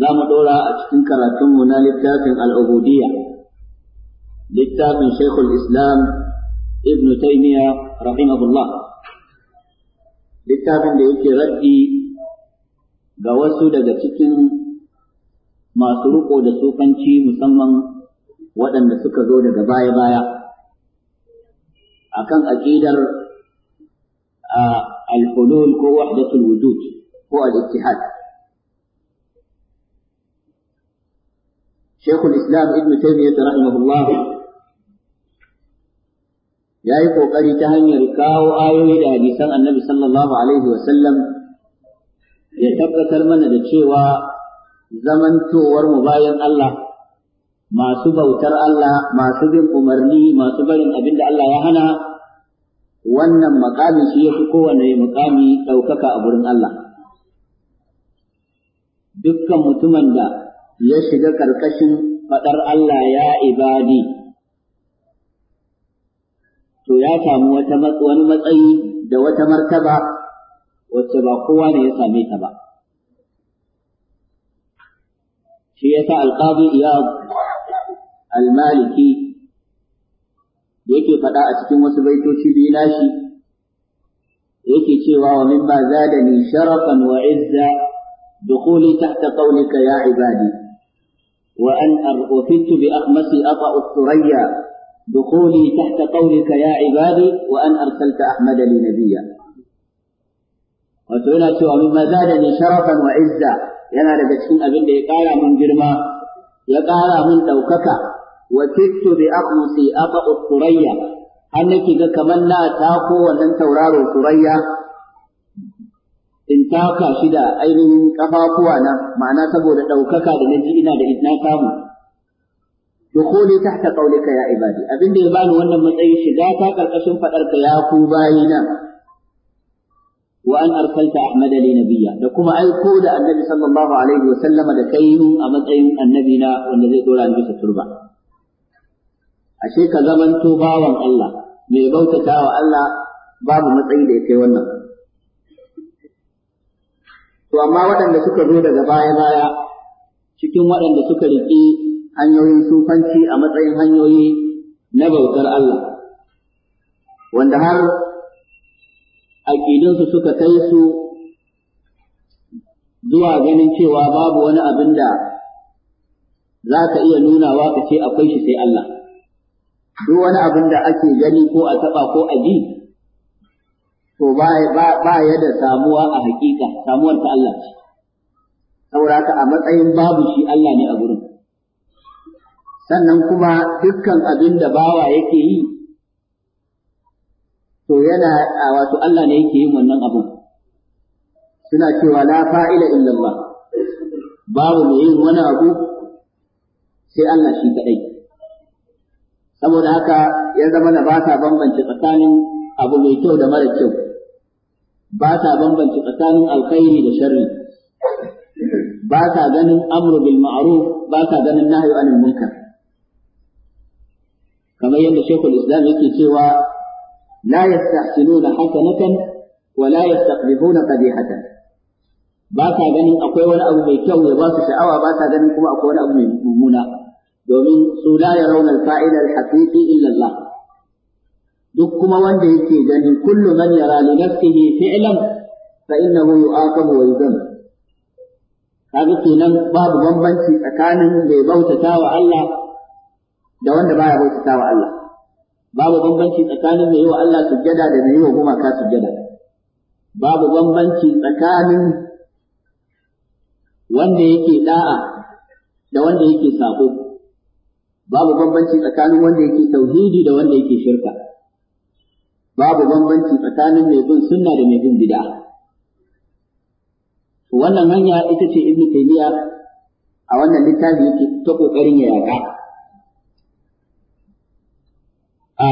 za mu ɗora a cikin karatunmu na littafin al'ubudiyya littafin shaikhul islam ibn taymiya rahimahullah littafin da yake raddi ga wasu daga cikin masu riƙo da sufanci musamman waɗanda suka zo daga baya-baya akan aƙidar al-hulul ko wahdatul wujud ko al-ittihad شيخ الإسلام ابن تيمية رحمه الله ya yi ƙoƙari ta hanyar kawo ayoyi da hadisan annabi sallallahu alaihi wasallam ya tabbatar mana da cewa zamantowar mu bayan Allah masu bautar Allah masu bin umarni masu barin abin da Allah ya hana wannan makamin shi ya fi kowane makami ɗaukaka a wurin Allah dukkan mutumin da ya shiga ƙarƙashin faɗar Allah ya ibadi, to ya samu wani matsayi da wata martaba wacce ba kowa ne ya same ta ba. Shi ya sa alƙazi iyab al-maliki yake faɗa a cikin wasu baitoci biyu nashi yake cewa wa min da ni sharafan wa izza dukhuli tahta qawlika ya ibadi وأن أفدت بأخمس أطأ الثريا دخولي تحت قولك يا عبادي وأن أرسلت أحمد لي نبيا. وتقول سوى مما زادني شرفا وعزا يا ينال بسكن أبن قال من جرما يقال من دوكك وفدت بأخمس أطأ الثريا أنك كمنا ولن تورار الثريا in taka shi da ainihin kafafuwa na ma'ana saboda ɗaukaka da naji ina da na samu dukhuli tahta qawlika ya ibadi da ya bani wannan matsayi shiga ta ƙarƙashin faɗarka ya ku bayina wa an arsalta ahmad li nabiyya da kuma aiko da annabi sallallahu alaihi wa sallama da kai a matsayin annabi na wanda zai dora ni bisa turba ashe ka zamanto bawan Allah mai bautata wa Allah babu matsayi da ya kai wannan To amma waɗanda suka zo daga baya-baya cikin waɗanda suka riƙe hanyoyin sufanci a matsayin hanyoyi na bautar Allah, wanda har aƙidinsu suka kai su zuwa ganin cewa babu wani abin da za ka iya nuna ka ce akwai shi sai Allah. Duk wani abin da ake gani ko a taɓa ko a ji to ba ya da samuwa a hakika samuwar ta Allah ce sauraka a matsayin babu shi Allah ne a gurin sannan kuma dukkan abin da bawa yake yi to yana a wato Allah ne yake yin wannan abin suna cewa la fa'ila illallah babu mai yin wani abu sai Allah shi kadai saboda haka ya zama na ba ta bambance tsakanin abu mai kyau da mara kyau ba ta bambance tsakanin alkhairi da sharri ba ta ganin amru bil ma'ruf ba ta ganin nahyu anil munkar kamar yadda shekul islam yake cewa la yastahsinuna hasanatan wa la yastaqbihuna qabihatan ba ta ganin akwai wani abu mai kyau ya ba su sha'awa ba ta ganin kuma akwai wani abu mai mummuna domin su la yarawna al-fa'ila al-haqiqi illa Allah duk kuma wanda yake gani kullu man yara li nafsihi fi'lan fa innahu yu'aqabu wa yudam kaga kenan babu bambanci tsakanin mai bautata wa Allah da wanda baya bautata wa Allah babu bambanci tsakanin mai yi wa Allah sujjada da mai yi wa gumaka sujjada babu bambanci tsakanin wanda yake da'a da wanda yake sako babu bambanci tsakanin wanda yake tauhidi da wanda yake shirka babu bambanci tsakanin mai bin sunna da mai bin bid'a wannan hanya ita ce ibnu taymiya a wannan littafi yake ta kokarin ya yaka a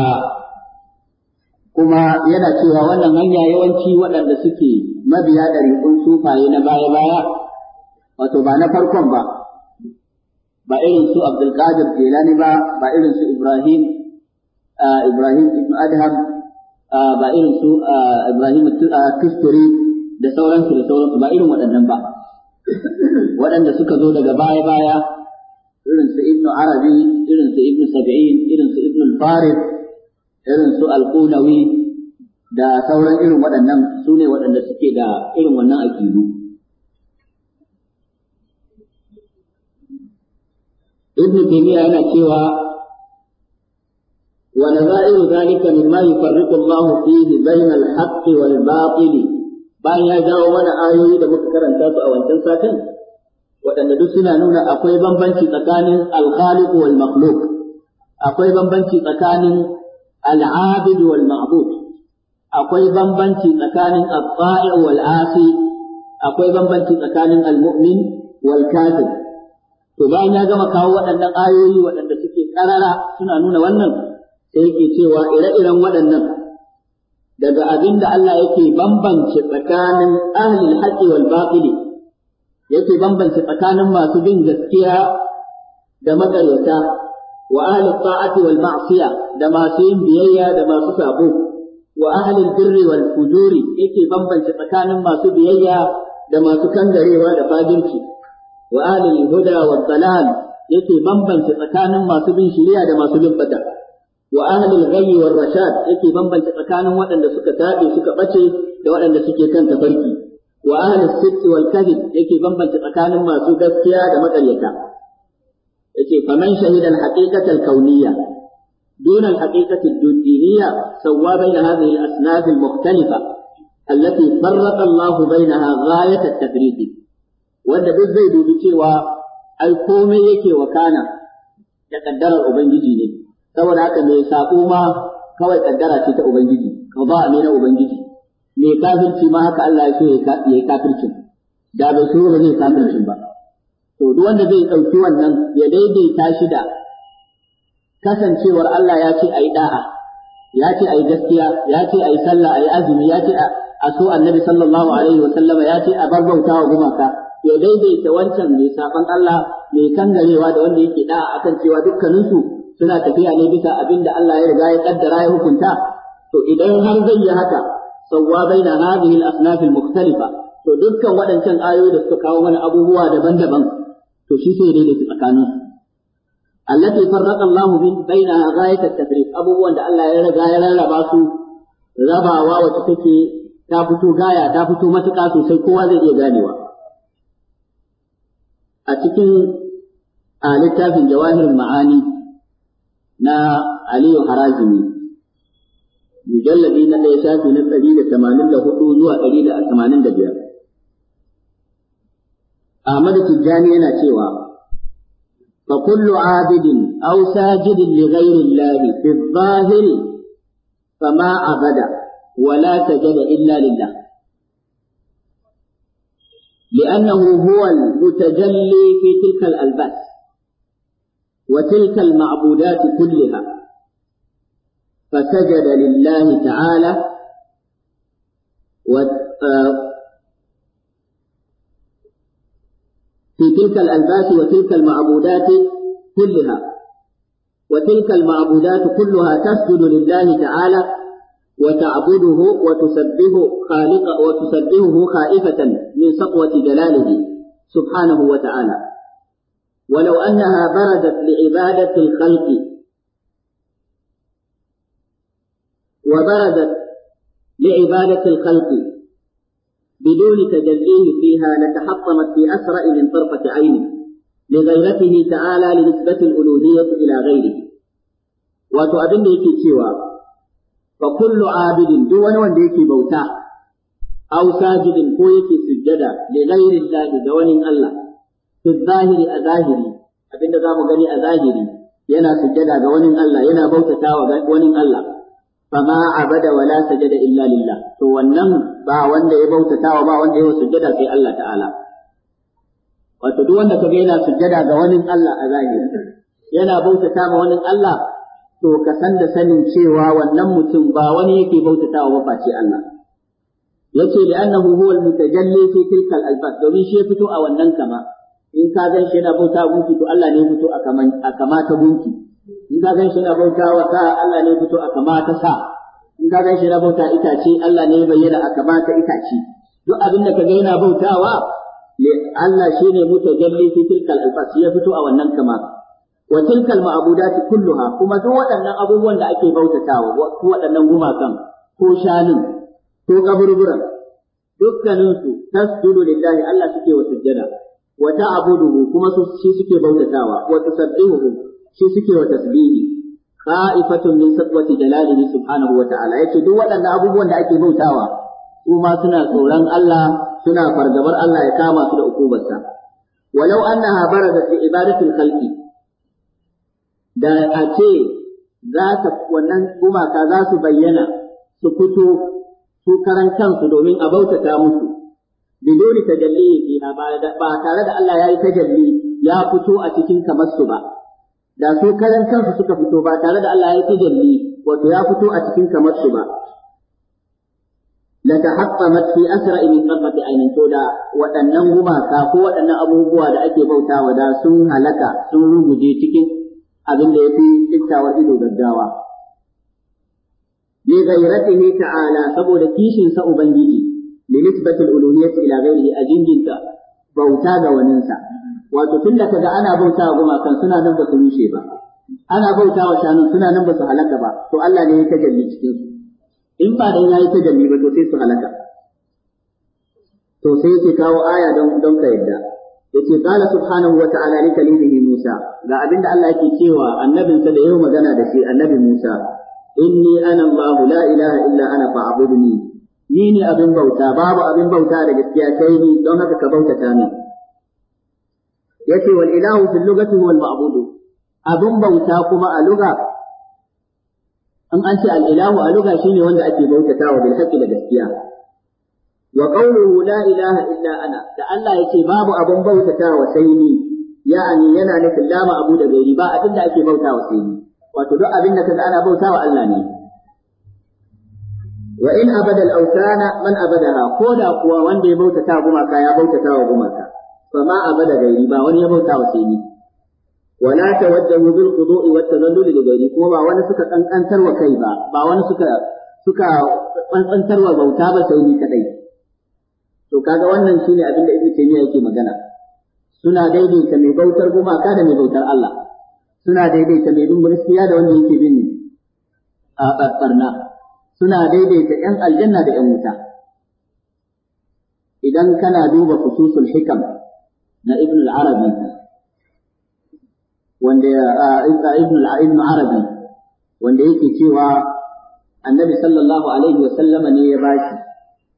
kuma yana cewa wannan hanya yawanci waɗanda suke mabiya da riƙun sufaye na baya-baya wato ba na farkon ba ba irin su abdulkadir jilani ba ba irin su ibrahim ibrahim ibn adham ba irin su Ibrahim Kusturi da sauransu da sauransu ba irin waɗannan ba waɗanda suka zo daga baya baya irin su Ibn Arabi irin su Ibn Sabi'in, irin su Ibn Farid irin su Al-Qunawi da sauran irin waɗannan su ne waɗanda suke da irin wannan akidu. Ibn Taymiyyah yana cewa ونظائر ذلك مما يفرق الله فيه بين الحق والباطل bayan ya jawo mana ayoyi da muka karanta su a wancan satin waɗanda duk suna nuna akwai bambanci tsakanin alkhaliq wal akwai bambanci tsakanin al'abid wal ma'bud akwai bambanci tsakanin at-ta'i wal akwai bambanci tsakanin al-mu'min wal kafir to bayan ya gama kawo waɗannan ayoyi waɗanda suke karara suna nuna wannan sai yake cewa ire-iren waɗannan daga abin da Allah yake bambance tsakanin ahlul haqqi wal batili yake bambance tsakanin masu bin gaskiya da maƙaryata wa ahlul ta'ati wal ma'siya da masu yin biyayya da masu sabo wa ahlul birri wal fujuri yake bambance tsakanin masu biyayya da masu kangarewa da fajinci wa ahlul huda wal dalal yake bambance tsakanin masu bin shari'a da masu bin bata wa ahlul ghayyi war rashad yake bambanta tsakanin waɗanda suka tabe suka bace da waɗanda suke kan tafarki wa ahlus sitt wal kadhib yake bambanta tsakanin masu gaskiya da maƙaryata yace faman shahida al haqiqata al kauniyya دون الحقيقة الدينية سوى بين هذه الأصناف المختلفة التي فرق الله بينها غاية التفريق wanda duk zai dubi cewa ai komai yake wakana da kaddarar ubangiji ne saboda haka mai sako ma kawai kaddara ce ta ubangiji qada ne na ubangiji mai kafirci ma haka Allah ya so ya yi kafircin da bai so ba zai kafircin ba to duk wanda zai ɗauki wannan ya daidaita shi da kasancewar Allah ya ce a yi ɗa'a, ya ce a yi gaskiya ya ce a yi sallah a yi azumi ya ce a so annabi sallallahu alaihi wa sallama ya ce a bar bauta wa gumaka ya daidaita wancan mai saban Allah mai kangarewa da wanda yake da'a akan cewa dukkaninsu suna tafiya ne bisa abinda Allah ya riga ya kaddara ya hukunta to idan har zai yi haka sawwa baina hadhihi al-asnaf al-mukhtalifa to dukkan waɗancan ayoyi da suka kawo mana abubuwa daban-daban to shi sai daidaita tsakanin allati farraqa Allah bainaha ghayat at-tafriq abubuwan da Allah ya riga ya rarraba su rabawa wacce take ta fito gaya ta fito matuƙa sosai kowa zai iya ganewa a cikin a littafin jawahirul ma'ani na Aliyu Harajimi, mujalladi na ɗaya shafi na ɗari da tamanin da hudu zuwa ɗari da tamanin da biyar. Ahmadu Tijjani yana cewa, fa kullu abidin aw sajidin li ghairi Allah fi zahiri fama abada wala tajada illa lillah لأنه هو المتجلي في تلك الألباس وتلك المعبودات كلها فسجد لله تعالى و آه، في تلك الألباس وتلك المعبودات كلها وتلك المعبودات كلها تسجد لله تعالى وتعبده وتسبه خالق وتسبهه خائفة من سطوة جلاله سبحانه وتعالى ولو أنها بردت لعبادة الخلق وبردت لعبادة الخلق بدون تجليه فيها لتحطمت في أسرع من طرفة عين لغيرته تعالى لنسبة الألوهية إلى غيره وتؤذن في سوى فكل عابد دون wanda بوتاه أو ساجد ko سجدا لغير الله دون Allah fi zahiri a zahiri abinda za mu gani a zahiri yana sujjada ga wani Allah yana bautata wa wani Allah fama abada wala sajada illa lillah to wannan ba wanda ya bautata ba wanda ya sujjada sai Allah ta'ala wato duk wanda kaga yana ga Allah a zahiri yana bautata Allah to ka san da sanin cewa wannan mutum ba wani yake bautata wa ce Allah yace li'annahu huwa al-mutajalli fi tilka al-albas domin shi ya fito a wannan kama in ka gan shi yana bauta gunki to Allah ne ya fito a kamata gunki in ka gan shi yana bauta wa sa Allah ne ya fito a kamata sa in ka gan shi yana bauta itace Allah ne ya bayyana a kamata itace duk abin da ka ga yana bautawa Allah shi ne mutajalli fi tilkal alfas ya fito a wannan kama wa tilkal ma'budati kulluha kuma duk waɗannan abubuwan da ake bautatawa ko waɗannan gumakan ko shanun ko kaburburan dukkaninsu tasjudu lillahi Allah suke wa sujjada wa ta'buduhu kuma su suke bautatawa wa tusabbihuhu su suke wa tasbihi qa'ifatun min saqwati jalalihi subhanahu wa ta'ala yace duk waɗannan abubuwan da ake bautawa su ma suna tsoron Allah suna fargabar Allah ya kama su da ukubarsa walau annaha baradat bi ibadatil khalqi da a ce za ta wannan gumaka za su bayyana su fito su karan domin a bautata musu bidoni tajalli ba tare da Allah ya yi tajalli ya fito a cikin kamar su ba da su karan kansu suka fito ba tare da Allah ya yi tajalli wato ya fito a cikin kamar su ba la tahaqqamat fi asra'i min qatati aynin to da waɗannan gumaka ko waɗannan abubuwa da ake wa da sun halaka sun ruguje cikin abin da yafi tsintawar ido gaggawa li ghayratihi ta'ala saboda kishin sa ubangiji bi nisbatil uluhiyyati ila ghairihi a jinginta bauta ga waninsa wato tunda kaga ana bauta wa gumakan suna nan ba rushe ba ana bauta wa suna nan ba su halaka ba to Allah ne ya tajalli cikin su in ba dan yayi tajalli ba to sai su halaka to sai yake kawo aya don don ka yadda yace qala subhanahu wa ta'ala da kalimihi Musa ga abinda Allah yake cewa annabin da yau magana da shi annabi Musa inni ana Allah la ilaha illa ana ni ne abin bauta babu abin bauta da gaskiya sai ni don haka ka bautata min yace wal ilahu fil lugati wal ma'budu abin bauta kuma a luga an an ce al ilahu a luga shine wanda ake bautatawa bil haqqi da gaskiya wa qawluhu la ilaha illa ana da Allah yace babu abin bautatawa sai ni ya'ani yana nufin lama abu da gairi ba abin da ake bautawa sai ni wato duk abin da kaga ana bautawa Allah ne wa in abada al-awtana man abadaha ko da kuwa wanda ya bautata gumaka ya bautata wa gumaka fa ma abada gairi ba wani ya bauta wa sai ni wala tawajjahu bil qudu'i wat tazallul li gairi kuma ba wani suka kankantar wa kai ba ba wani suka suka kankantar wa bauta ba sai ni kadai to kaga wannan shine abin da ibnu taymiya yake magana suna daidaita mai bautar gumaka da mai bautar Allah suna daidaita mai bin gaskiya da wanda yake bin a barna suna daidaita ‘yan aljanna da ‘yan wuta. Idan kana duba kususul hikam na Ibn al-Arabi, wanda Ibn arabi wanda yake cewa annabi sallallahu alaihi wa sallama ne ya bashi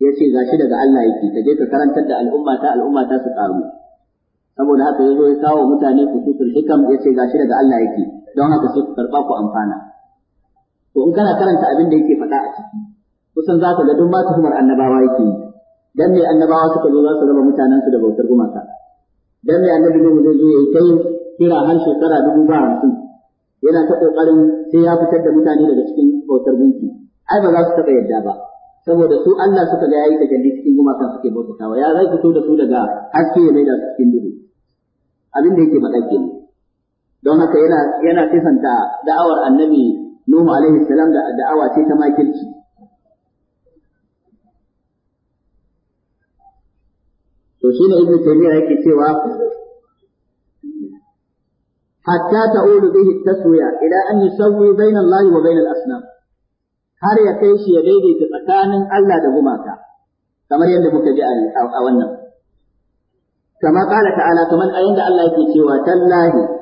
ya ce gashi daga Allah yake ka je ka karantar da al'umma ta al'umma ta su karu saboda haka ya zo ya kawo mutane kusutul hikam ya ce gashi daga Allah yake don haka su karɓa ku amfana to in kana karanta abin da yake faɗa a ciki kusan za ka ga duk ma tuhumar annabawa yake yi dan me annabawa suka zo za su raba mutanen su da bautar gumaka dan me annabi ne zai zo yayi kai kira har shekara dubu ba hamsin yana ta kokarin sai ya fitar da mutane daga cikin bautar gunki ai ba za su taɓa yadda ba saboda su Allah suka ga yayi tajalli cikin gumakan suke bautatawa ya zai fito da su daga haske ya maida su cikin duhu abin da yake faɗa kenan don haka yana yana sifanta da'awar annabi Nuhu alaihi salam da da'awa ce ta makirci. To shi ne Ibn Taymiyyah yake cewa hatta ta'ulu bihi taswiya ila an yusawwi baina Allah wa baina al-asnam. Har ya kai shi ya daidaita tsakanin Allah da gumaka. Kamar yadda muka ji a wannan. Kama kala ta'ala kamar a da Allah yake cewa tallahi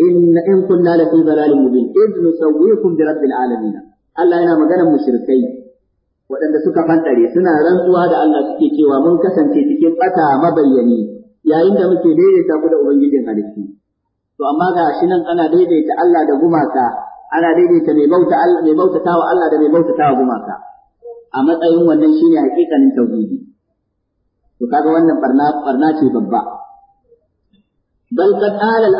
in in kunna la fi dalalin mubin id nusawwikum bi rabbil alamin Allah yana maganar mushrikai waɗanda suka fantare suna rantsuwa da Allah suke cewa mun kasance cikin bata mabayyani yayin da muke daidaita ku da ubangijin halittu to amma ga shi nan ana daidaita Allah da gumaka ana daidaita mai bauta Allah Allah da mai bautatawa gumaka a matsayin wannan shine hakikanin tauhidi to kaga wannan barna ce babba bal qad ala al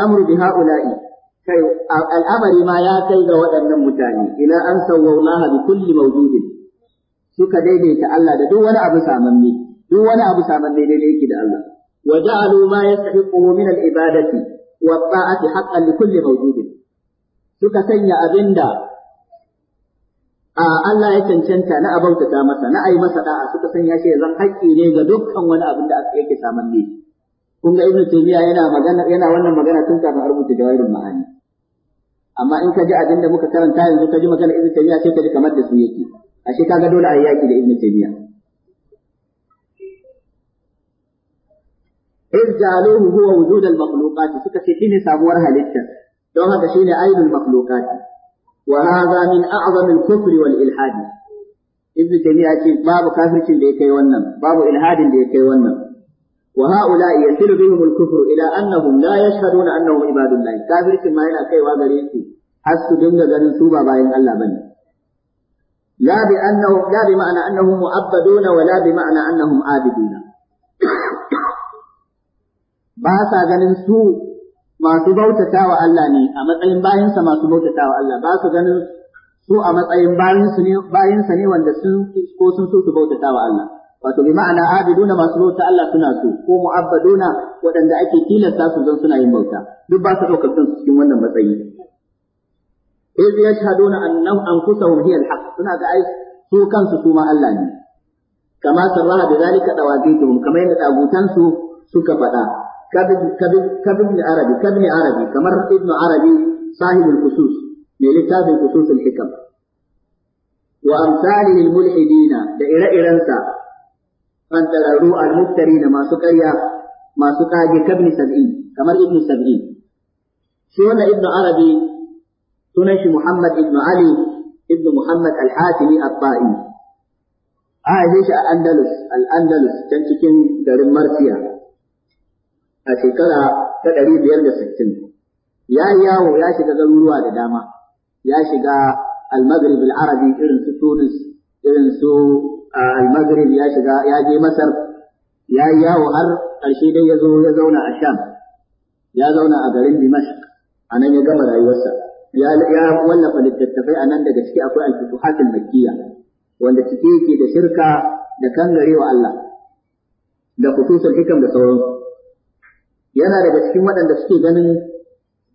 al'amari ma ya kai ga waɗannan mutane ila an sawwallaha bi kulli mawjudin suka daidaita Allah da duk wani abu samanne duk wani abu samanne daidai yake da Allah wa ja'alu ma suka sanya abinda Allah ya cancanta na abautata masa na ayi masa da'a suka sanya shi zan haƙƙi ne ga dukkan wani abin da yake samanne kun ga ibnu taymiya yana magana yana wannan magana tun kafin a rubuta jawahirul ma'ani amma in ka ji abin da muka karanta yanzu ka ji magana ibnu taymiya sai ka ji kamar da su yake ashe kaga dole a yi yaki da ibnu taymiya إذ جعلوه هو وجود المخلوقات فكسفين سامور هلتا دوما كشين أيضا المخلوقات وهذا ce أعظم الكفر والإلحاد babu تيمية da كافر wannan ونم باب إلحاد بيكي wannan. وهؤلاء يسير بهم الكفر إلى أنهم لا يشهدون أنهم عباد الله كافر ما ينا كي وغريسي حس دنجا غرين سوبا باين الله بني لا بأنهم لا بمعنى أنهم مؤبدون ولا بمعنى أنهم عابدون باسا غرين سوء masu bautata wa Allah ne a matsayin bayansa masu bautata wa Allah ba su ganin su a matsayin bayansa ne wanda sun ko sun so su bautata wa Allah wato bi ma'ana abiduna masu bauta Allah suna so ko mu'abbaduna waɗanda ake tilasta su zan suna yin bauta duk ba su ɗaukar kansu cikin wannan matsayi iz yashhaduna annahum anfusahum hiya al-haq suna ga ai su kansu su ma Allah ne kama sarraha da zalika dawagituhum kamar yadda dagutansu suka faɗa kabin arabi kabin arabi kamar ibnu arabi sahibul khusus mai littafin khusus al-hikam wa amsalihi al-mulhidina da ire-irensa fantararru al-muftari da masu ƙarya masu ƙage kabni sab'in kamar ibnu sab'in shi wannan ibnu arabi sunan shi muhammad ibnu ali ibnu muhammad al-hatimi at-ta'i a haife shi a andalus al-andalus can cikin garin marsiya a shekara ta ɗari biyar da sittin ya yi yawo ya shiga garuruwa da dama ya shiga al-maghrib al-arabi irin su tunis irin su al-Maghrib ya shiga ya je Masar ya yi yawo har ƙarshe dai ya zo ya zauna a Sham ya zauna a garin Dimashq a nan ya gama rayuwarsa ya wallafa littattafai a nan daga ciki akwai al-Futuhat wanda ciki yake da shirka da wa Allah da kutusul hikam da sauransu yana daga cikin waɗanda suke ganin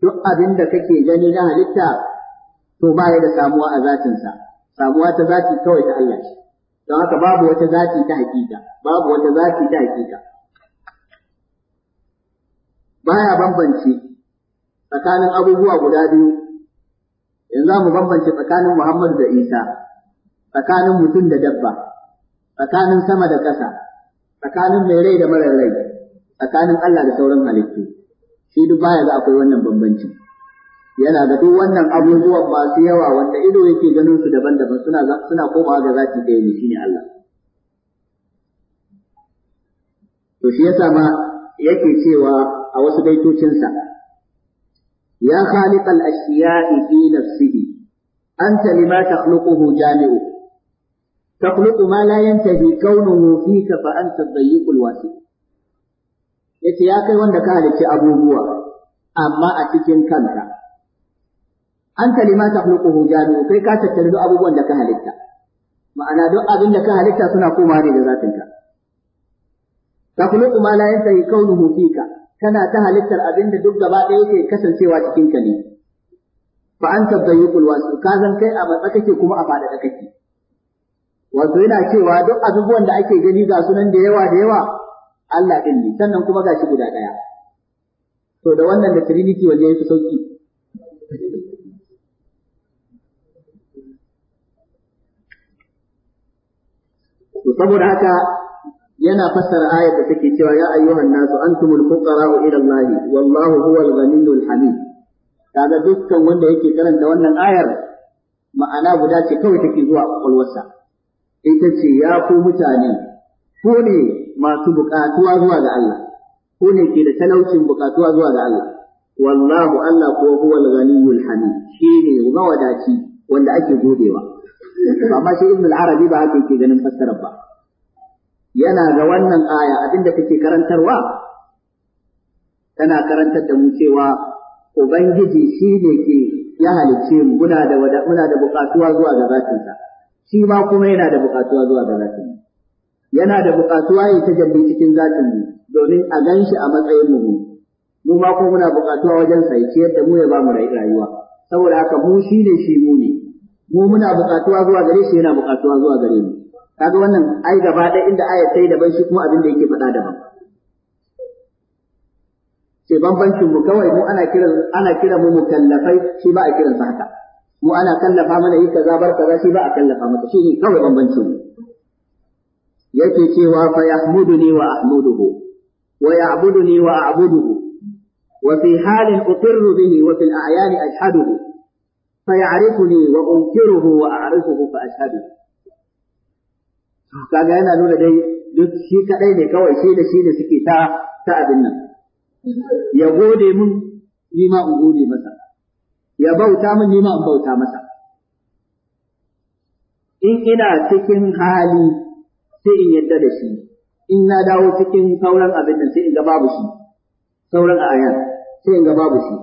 duk abin da kake gani na halitta to ba ya da samuwa a zatinsa samuwa ta zati kawai ta Allah ce don haka babu wata zafi ta hakika babu wata zafi ta hakika baya bambance tsakanin abubuwa guda biyu yanzu za mu bambance tsakanin Muhammadu da Isa tsakanin mutum da dabba tsakanin sama da ƙasa tsakanin mai rai da marar rai tsakanin Allah da sauran halittu shi duk baya za akwai wannan bambancin. yana da duk wannan abubuwan masu yawa wanda ido yake ganin su daban-daban suna suna komawa ga zati da yake shine Allah to shi yasa ma yake cewa a wasu baitocinsa ya khaliqal ashiya'i fi nafsihi anta lima takhluquhu jami'u takhluqu ma la yantahi kaunuhu fika fa anta ad-dayyiqul wasi' yace ya kai wanda ka halicci abubuwa amma a cikin kanka an lima ta hulquhu kai ka tattare duk abubuwan da ka halitta ma'ana duk abin da ka halitta suna koma ne da zatinka takhluqu ma la yantahi kaunuhu fika kana ta halittar abin da duk gaba ɗaya yake kasancewa cikin ka ne fa anta dayyuqul wasu ka zan kai a matsa kake kuma a faɗaɗa kake wato yana cewa duk abubuwan da ake gani ga sunan da yawa da yawa Allah ɗin ne sannan kuma gashi guda ɗaya to da wannan da Trinity waje yake sauki to saboda haka yana fassara ayar da take cewa ya ayyuhan nasu antumul fuqara'u ila Allah wallahu huwal ghaniyyul hamid kaga dukkan wanda yake karanta wannan ayar ma'ana guda ce kawai take zuwa kwakwalwarsa ita ce ya ku mutane ku ne masu buƙatuwa zuwa ga Allah ku ne ke da talaucin buƙatuwa zuwa ga Allah wallahu Allah ko huwal ghaniyyul hamid shine mawadaci wanda ake godewa amma shi ibn al-arabi ba haka yake ganin fassarar ba yana ga wannan aya abinda take karantarwa tana karantar da mu cewa ubangiji shi ne ke ya halicce mu muna da wada muna da bukatuwa zuwa ga zatinsa shi ma kuma yana da bukatuwa zuwa ga zatin yana da bukatuwa ya tajalli cikin zatin mu domin a gan shi a matsayin mu mu ma kuma muna bukatuwa wajen sa ya ciyar da mu ya ba mu rayuwa saboda haka mu shi ne shi mu ne mu muna buƙatuwa zuwa gare shi yana buƙatuwa zuwa gare mu kaga wannan ai gaba ɗaya inda ayat sai daban shi kuma abin da yake faɗa daban sai bambancin mu kawai mu ana kiran ana kira mu mukallafai shi ba a kiran sa haka mu ana kallafa mana yi kaza bar kaza shi ba a kallafa mata shi ne kawai bambancin mu yake cewa fa yahmuduni wa ahmuduhu wa ya'buduni wa a'buduhu wa fi halin uqirru bihi wa fil a'yani ashhaduhu wa فيعرفني وأنكره وأعرفه فأشهده kaga yana nuna dai duk shi kadai ne kawai shi da shi da suke ta ta abin nan ya gode mun ni ma in gode masa ya bauta mun ni ma in bauta masa in ina cikin hali sai in yadda da shi in na dawo cikin sauran abin nan sai in ga babu shi sauran ayan sai in ga babu shi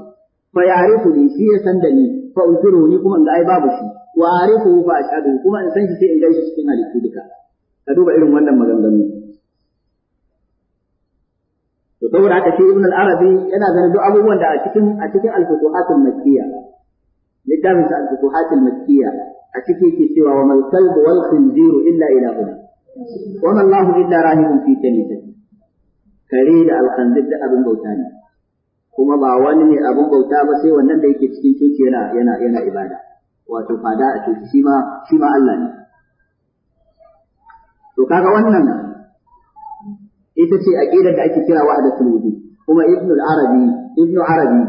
fa shi ya san da ni fa usiru ni kuma in ga ai babu shi wa arifu fa ashadu kuma in san shi sai in gaishe cikin halittu duka ka duba irin wannan maganganu to saboda haka shi ibn al-arabi yana ganin duk abubuwan da a cikin a cikin al-futuhatul makkiyya littafin sa al-futuhatul makkiyya a cikin yake cewa wa mal kalbu wal khinziru illa ilahuna wa ma Allahu illa rahimun fi kanisati kare da al-khanzir da abin bauta ne kuma ba wani ne abin bauta ba sai wannan da yake cikin coci yana yana yana ibada wato fada a coci shi ma shi ma Allah ne to kaga wannan ita ce aqidar da ake kira wahdatul wujud kuma ibnu al-arabi ibnu arabi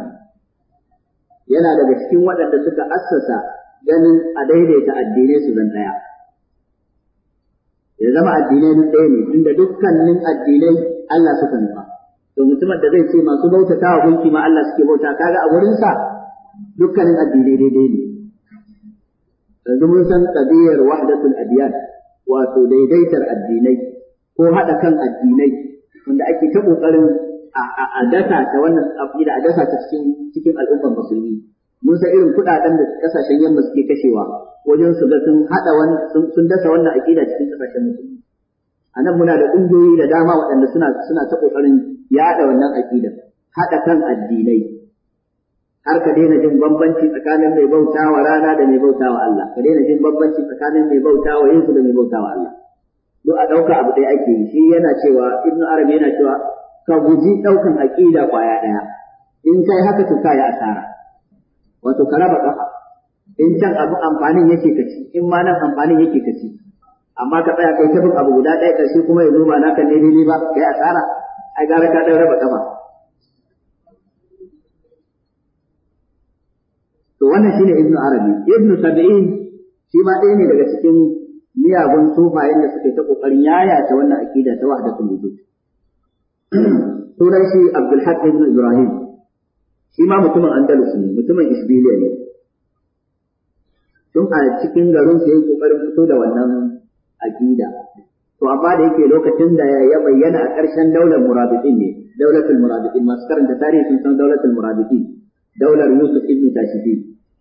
yana daga cikin waɗanda suka assasa ganin a daidaita addinai su zan daya ya zama addinai duk ɗaya ne tunda dukkanin addinai Allah suka nufa to mutumin da zai ce masu bautata wa gunki ma Allah suke bauta kaga a wurinsa dukkanin addinai daidai ne yanzu mun san qadiyar wahdatul adiyan wato daidaitar addinai ko haɗa kan addinai wanda ake ta ƙoƙarin a dasa ta wannan aqida a dasa ta cikin cikin al'ummar musulmi mun san irin kuɗaɗen da kasashen yamma suke kashewa wajen su ga sun haɗa sun dasa wannan aqida cikin kasashen musulmi a nan muna da ƙungiyoyi da dama waɗanda suna suna ta ƙoƙarin yaɗa wannan aƙidar haɗa kan addinai har ka daina jin bambanci tsakanin mai bauta wa rana da mai bauta wa Allah ka daina jin bambanci tsakanin mai bauta wa yinsu da mai bauta wa Allah duk a ɗauka abu ɗaya ake yi shi yana cewa ibnu arabi yana cewa ka guji ɗaukan aƙida ƙwaya ɗaya in kai haka to kai asara wato ka raba kafa in can abu amfanin yake kaci in ma nan amfanin yake kaci amma ka tsaya kai ta bin abu guda ɗaya ƙarshe kuma ya noma naka ne daidai ba kai asara ai gara ka ɗan raba ƙafa. to wannan shine ibnu arabi ibnu sabiin shi ma ɗaya ne daga cikin miyagun sufayen da suke ta ƙoƙarin yayata wannan akida ta wahdatul wujud sunan shi abdulhaq ibnu ibrahim shi ma mutumin andalus ne mutumin isbiliya ne tun a cikin garin sai ƙoƙarin fito da wannan aqida to amma da yake lokacin da ya bayyana a ƙarshen daular murabitin ne daulatul murabitin masu karanta tarihi sun san daulatul murabitin daular yusuf ibn tashifi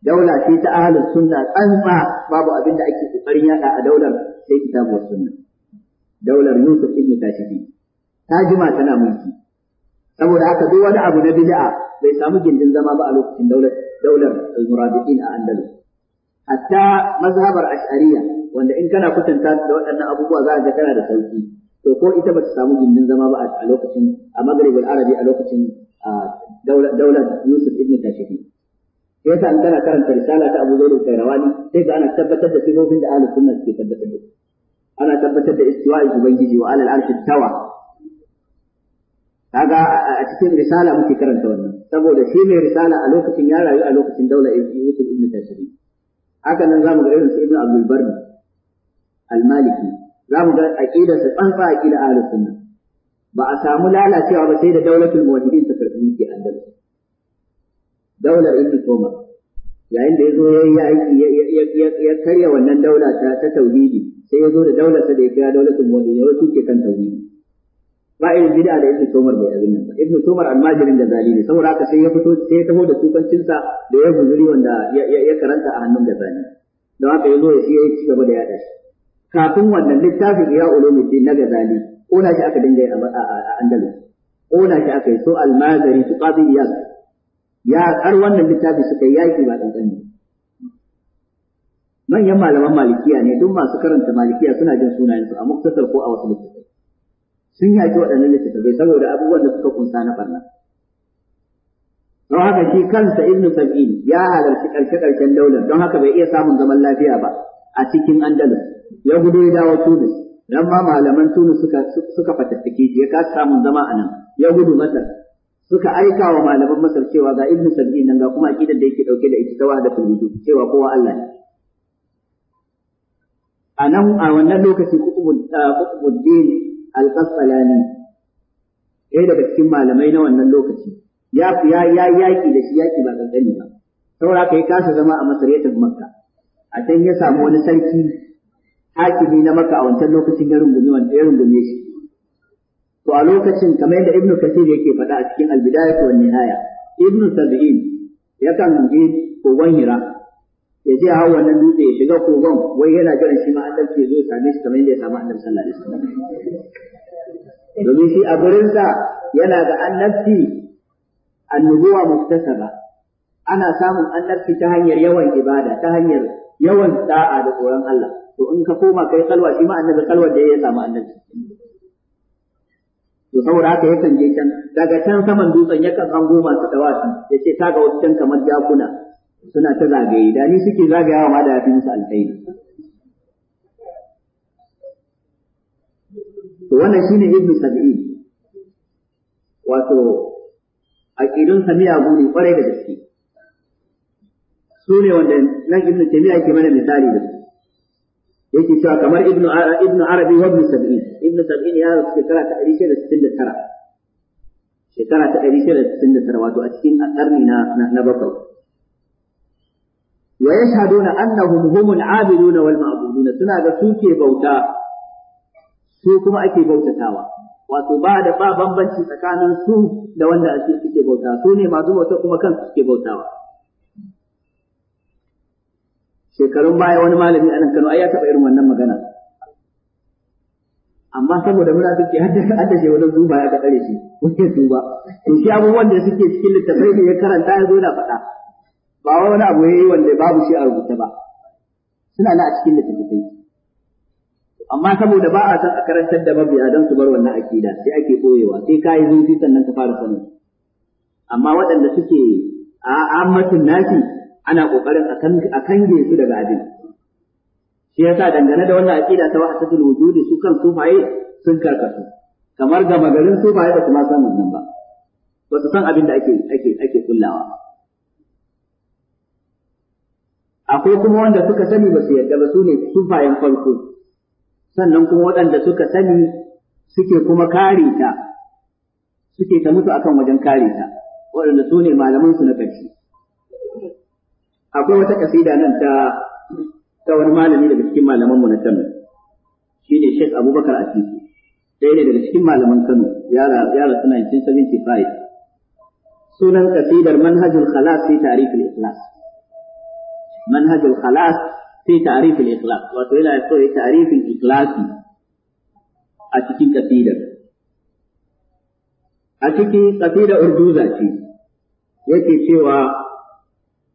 daula ce ta ahlus sunna tsantsa babu abin da ake kokarin yada a daular sai kitabu was sunna daular yusuf ibn tashifi ta jima tana mulki saboda haka duk wani abu na bid'a bai samu gindin zama ba a lokacin daular daular al-murabitin a andalus hatta mazhabar ash'ariyya wanda in kana kwatanta da waɗannan abubuwa za a ga kana da sauki to ko ita ba ta samu gindin zama ba a lokacin a magribul arabi a lokacin daular yusuf ibn tashifi sai yasa an kana karanta risala ta abu zaid al-qayrawani sai ga ana tabbatar da sifofin da ahlus sunna suke tabbatar da ana tabbatar da istiwa'i ubangiji wa alal arshi tawa kaga a cikin risala muke karanta wannan saboda shi mai risala a lokacin ya rayu a lokacin daular yusuf ibn tashifi haka nan zamu ga irin su ibn abdul barri al-maliki za mu ga aqidar sa tsantsa aqida ahlus ba a samu lalacewa ba sai da daulatul muwahhidin ta karbi ke andalus daular ibn yayin da yazo yayi ya karya wannan daula ta ta tauhidi sai yazo da daular sa da ya kira daulatul muwahhidin wasu ke kan tauhidi ba irin bid'a da ibn Umar abin nan ba almajirin da zalili saboda haka sai ya fito sai ya da tukancin da ya ya karanta a hannun da zalili don haka yazo ya ci gaba da yada shi kafin wannan littafin ya ulumuddin na gazali kona shi aka dinga yi a andalus kona shi aka yi so almazari su qadi iyas ya kar wannan littafin suka yi yaki ba kankani manyan malaman malikiya ne duk masu karanta malikiya suna jin sunayensu a muktasar ko a wasu littattafai sun yaƙi waɗannan littattafai saboda abubuwan da suka kunsa na barna don haka shi kansa ibn sab'in ya halarci ƙarshe-ƙarshen daular don haka bai iya samun zaman lafiya ba a cikin andalus ya gudu ya dawo Tunis dan ma malaman Tunis suka suka fatattake shi ya ka samun zama a nan ya gudu Masar suka aika wa malaman Masar cewa ga Ibn Sabi nan ga kuma aqidar da yake dauke da ita tawa da fulwudu cewa kowa Allah ne a nan a wannan lokaci kutubuddin al qasalani ɗaya daga cikin malamai na wannan lokaci ya ya ya yaki da shi yaki ba kankani ba saboda kai kasa zama a Masar ya tafi Makka a can ya samu wani sarki hakimi na maka a wancan lokacin ya rungumi wanda ya rungume shi to a lokacin kamar yadda ibnu kasir yake faɗa a cikin albidayatu wan nihaya ibnu sab'in yakan yi kogon hira ya je hawa wannan dutse ya shiga kogon wai yana jiran shi ma zo ya same shi kamar yadda ya samu annabi sallallahu alaihi wasallam domin shi a gurinsa yana ga annabci annubuwa muktasaba ana samun annabci ta hanyar yawan ibada ta hanyar yawan da'a da tsoron Allah to in ka koma kai kalwa shi ma annabi kalwar da ya samu annabi to saboda haka yakan je can daga can saman dutsen yakan hango masu ya yace ta ga wasu can kamar jakuna suna ta zagaye da ni suke zagayawa ma da fi musu alkhairi to wannan shine ibnu sabi'i wato aqidun samiya guri kwarai da gaske su ne wanda nan ibnu taymiya yake mana misali da su yake cewa kamar ibn ibn arabi wa ibn sab'in ibn sab'in ya rasu shekara ta 169 shekara ta 169 wato a cikin karni na na bakwai wa yashhaduna annahum humul abiduna wal ma'buduna suna ga ke bauta su kuma ake bautatawa wato ba da ba bambanci tsakanin su da wanda ake suke bauta su ne masu bauta kuma kansu suke bautawa shekarun baya wani malami anan Kano ai ya taɓa irin wannan magana amma saboda muna suke hadda shi wani zuba ya ga shi wani zuba In shi abubuwan da suke cikin littafai ne ya karanta ya zo da faɗa ba wani abu yayi wanda babu shi a rubuta ba suna na a cikin littafai amma saboda ba a san a karantar da mabiya don su bar wannan akida sai ake koyewa sai ka yi zunfi sannan ka fara sanin amma waɗanda suke a ammatin nasi ana kokarin a kange su daga abin shi yasa dangane da wannan aqida ta wahdatul wujudi su kan sufaye sun karkasu kamar ga magarin sufaye ba su ma san wannan ba ba su san abin da ake ake ake kullawa akwai kuma wanda suka sani ba su yadda ba su ne sufayen farko sannan kuma waɗanda suka sani suke kuma kare ta suke ta mutu akan wajen kare ta waɗanda su ne malaman su na ƙarshe akwai wata kasida nan ta ta wani malami daga cikin malaman mu na Kano shine Sheikh Abubakar Asisi Sai ne daga cikin malaman Kano yara yara suna cikin 75 sunan kasidar manhajul khalas fi ta'rif al-ikhlas manhajul khalas fi ta'rif al-ikhlas wato yana so ya ta'rif al-ikhlasi a cikin kasidar a cikin kasida urduza ce yake cewa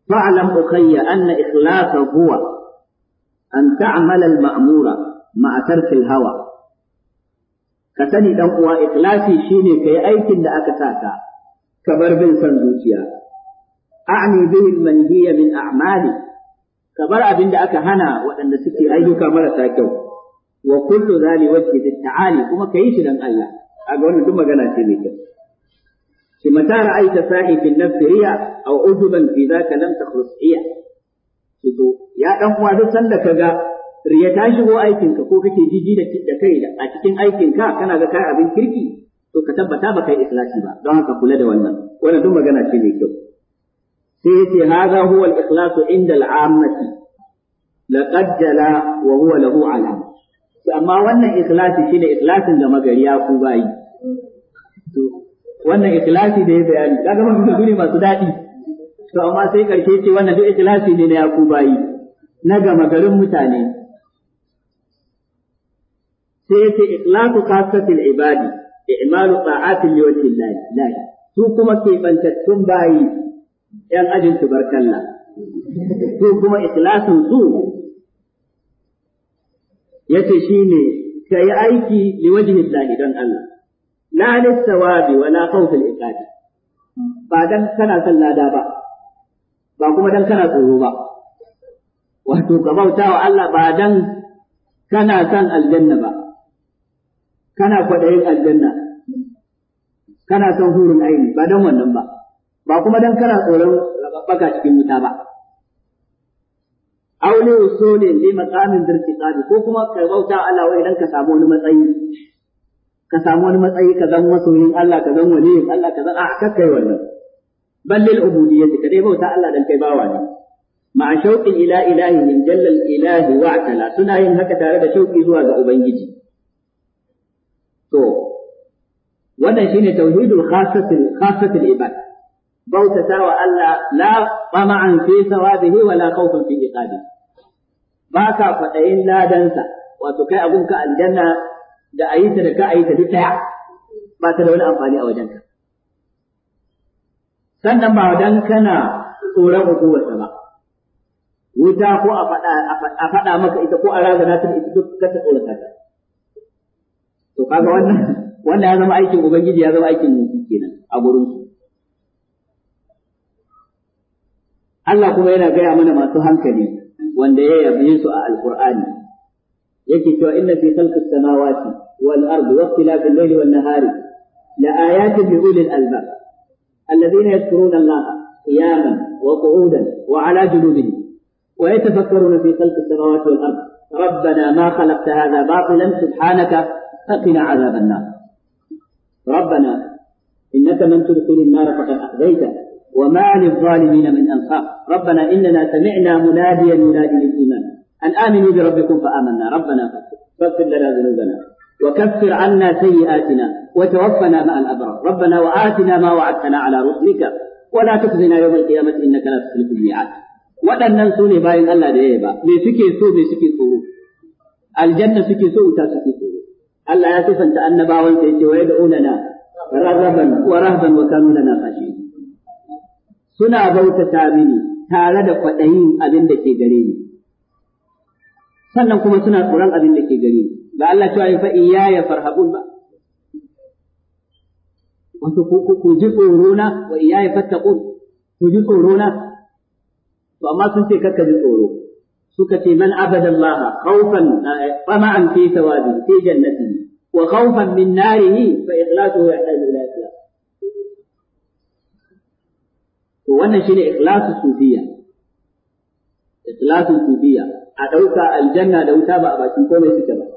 فاعلم أخي أن إخلاص هو أن تعمل المأمورة مع ترك الهوى كسني دم إخلاصي شيني كي أيكن لأكتاكا كبر بن سندوتيا أعني به المنهي من أعمالي كبر أبن لأك هنا وأن سكي أيك مرة تاكو وكل ذلك وجه التعالي وما كيش لن ألا أقول لكم ما شيني كي متى رأيت ساعي في النفس ريا أو أجبا في ذاك لم تخلص إيا fito ya dan uwa duk sanda ka ga riya ta shigo aikin ka ko kake jiji da da kai da a cikin aikin kana ga kai abin kirki to ka tabbata ba kai ikhlasi ba don haka kula da wannan wannan duk magana ce mai kyau sai yace hadha huwa inda al-ammati wa huwa lahu alam amma wannan ikhlasi shine ikhlasin ga magariya ku bayi wannan ikhlasi da ya bayani kaga maganganu ne masu daɗi to amma sai karshe ce wannan duk ikhlasi ne na bayi. na gama garin mutane sai ya ce ikhlasu khassatil ibadi i'malu ta'ati li wajhi Allah su kuma ke bantattun bayi yan ajin barkalla. su kuma ikhlasin su yace shine kai aiki li wajhi Allah Allah la lissawabi wala khawfil iqabi ba dan kana son lada ba ba kuma dan kana tsoro ba wato ka bauta wa Allah ba dan kana son aljanna ba kana kwadayin aljanna kana son hurun aini ba dan wannan ba ba kuma dan kana tsoron rababbaka cikin wuta ba aure usule ne makamin dirtiqabi ko kuma ka bauta Allah wai dan ka samu wani matsayi ka samu wani matsayi ka zama masoyin Allah ka zama waliyin Allah ka zama a ah, kakkai wannan ballil ubudiyyati ka dai bauta Allah dan kai bawa ne ma'a shauqin ila ilahi min jalla ilahi wa ta'ala suna yin haka tare da shauki zuwa ga ubangiji to wannan shine tauhidul khassatil khassatil ibad bautata wa Allah la tama'an fi sawabihi wa la khawfan fi iqabi ba ka fadayin ladansa wato kai abun ka aljanna da a yi ta da ka a yi ta duk ɗaya ba ta da wani amfani a wajenka sannan ba dan kana tsoron hukumarsa ba wuta ko a faɗa maka ita ko a razana ta ita duk kasa tsorata ta to kaga wannan wannan ya zama aikin ubangiji ya zama aikin mutum kenan a gurin su Allah kuma yana gaya mana masu hankali wanda ya yabe su a alqur'ani yake cewa inna fi khalqis samawati والأرض واختلاف الليل والنهار لآيات لأولي الألباب الذين يذكرون الله قياما وقعودا وعلى جنوبهم ويتفكرون في خلق السماوات والأرض ربنا ما خلقت هذا باطلا سبحانك فقنا عذاب النار ربنا إنك من تدخل النار فقد أخذيته وما للظالمين من أنصار ربنا إننا سمعنا مناديا ينادي للإيمان أن آمنوا بربكم فآمنا ربنا فاغفر لنا ذنوبنا وكفر عنا سيئاتنا وتوفنا مع الأبرار ربنا وآتنا ما وعدتنا على رسلك ولا تخزنا يوم القيامة إنك لا تخلف الميعاد waɗannan su ne bayan Allah da yayi ba me suke so me suke tsoro aljanna suke so wuta suke tsoro Allah ya sifanta annabawan sai ce waye da ulana rarraban wa rahban wa kanu lana fashi suna bauta bautata mini tare da kwaɗayin abin da ke gare ni sannan kuma suna tsoron abin da ke gare ni da Allah cewa ya fa'i ya ya farhabun ba wato ku ji tsoro na wa iya ya fattaqun ku ji tsoro na to amma sun ce kakka ji tsoro suka ce man abadan abada Allah khawfan eh, tama'an fi thawabi fi jannatihi wa kawfan min narihi fa ikhlasuhu yahtaju ila ikhlas to wannan shi ne ikhlasu sufiyya ikhlasu sufiyya a dauka aljanna da wuta ba a bakin komai suke ba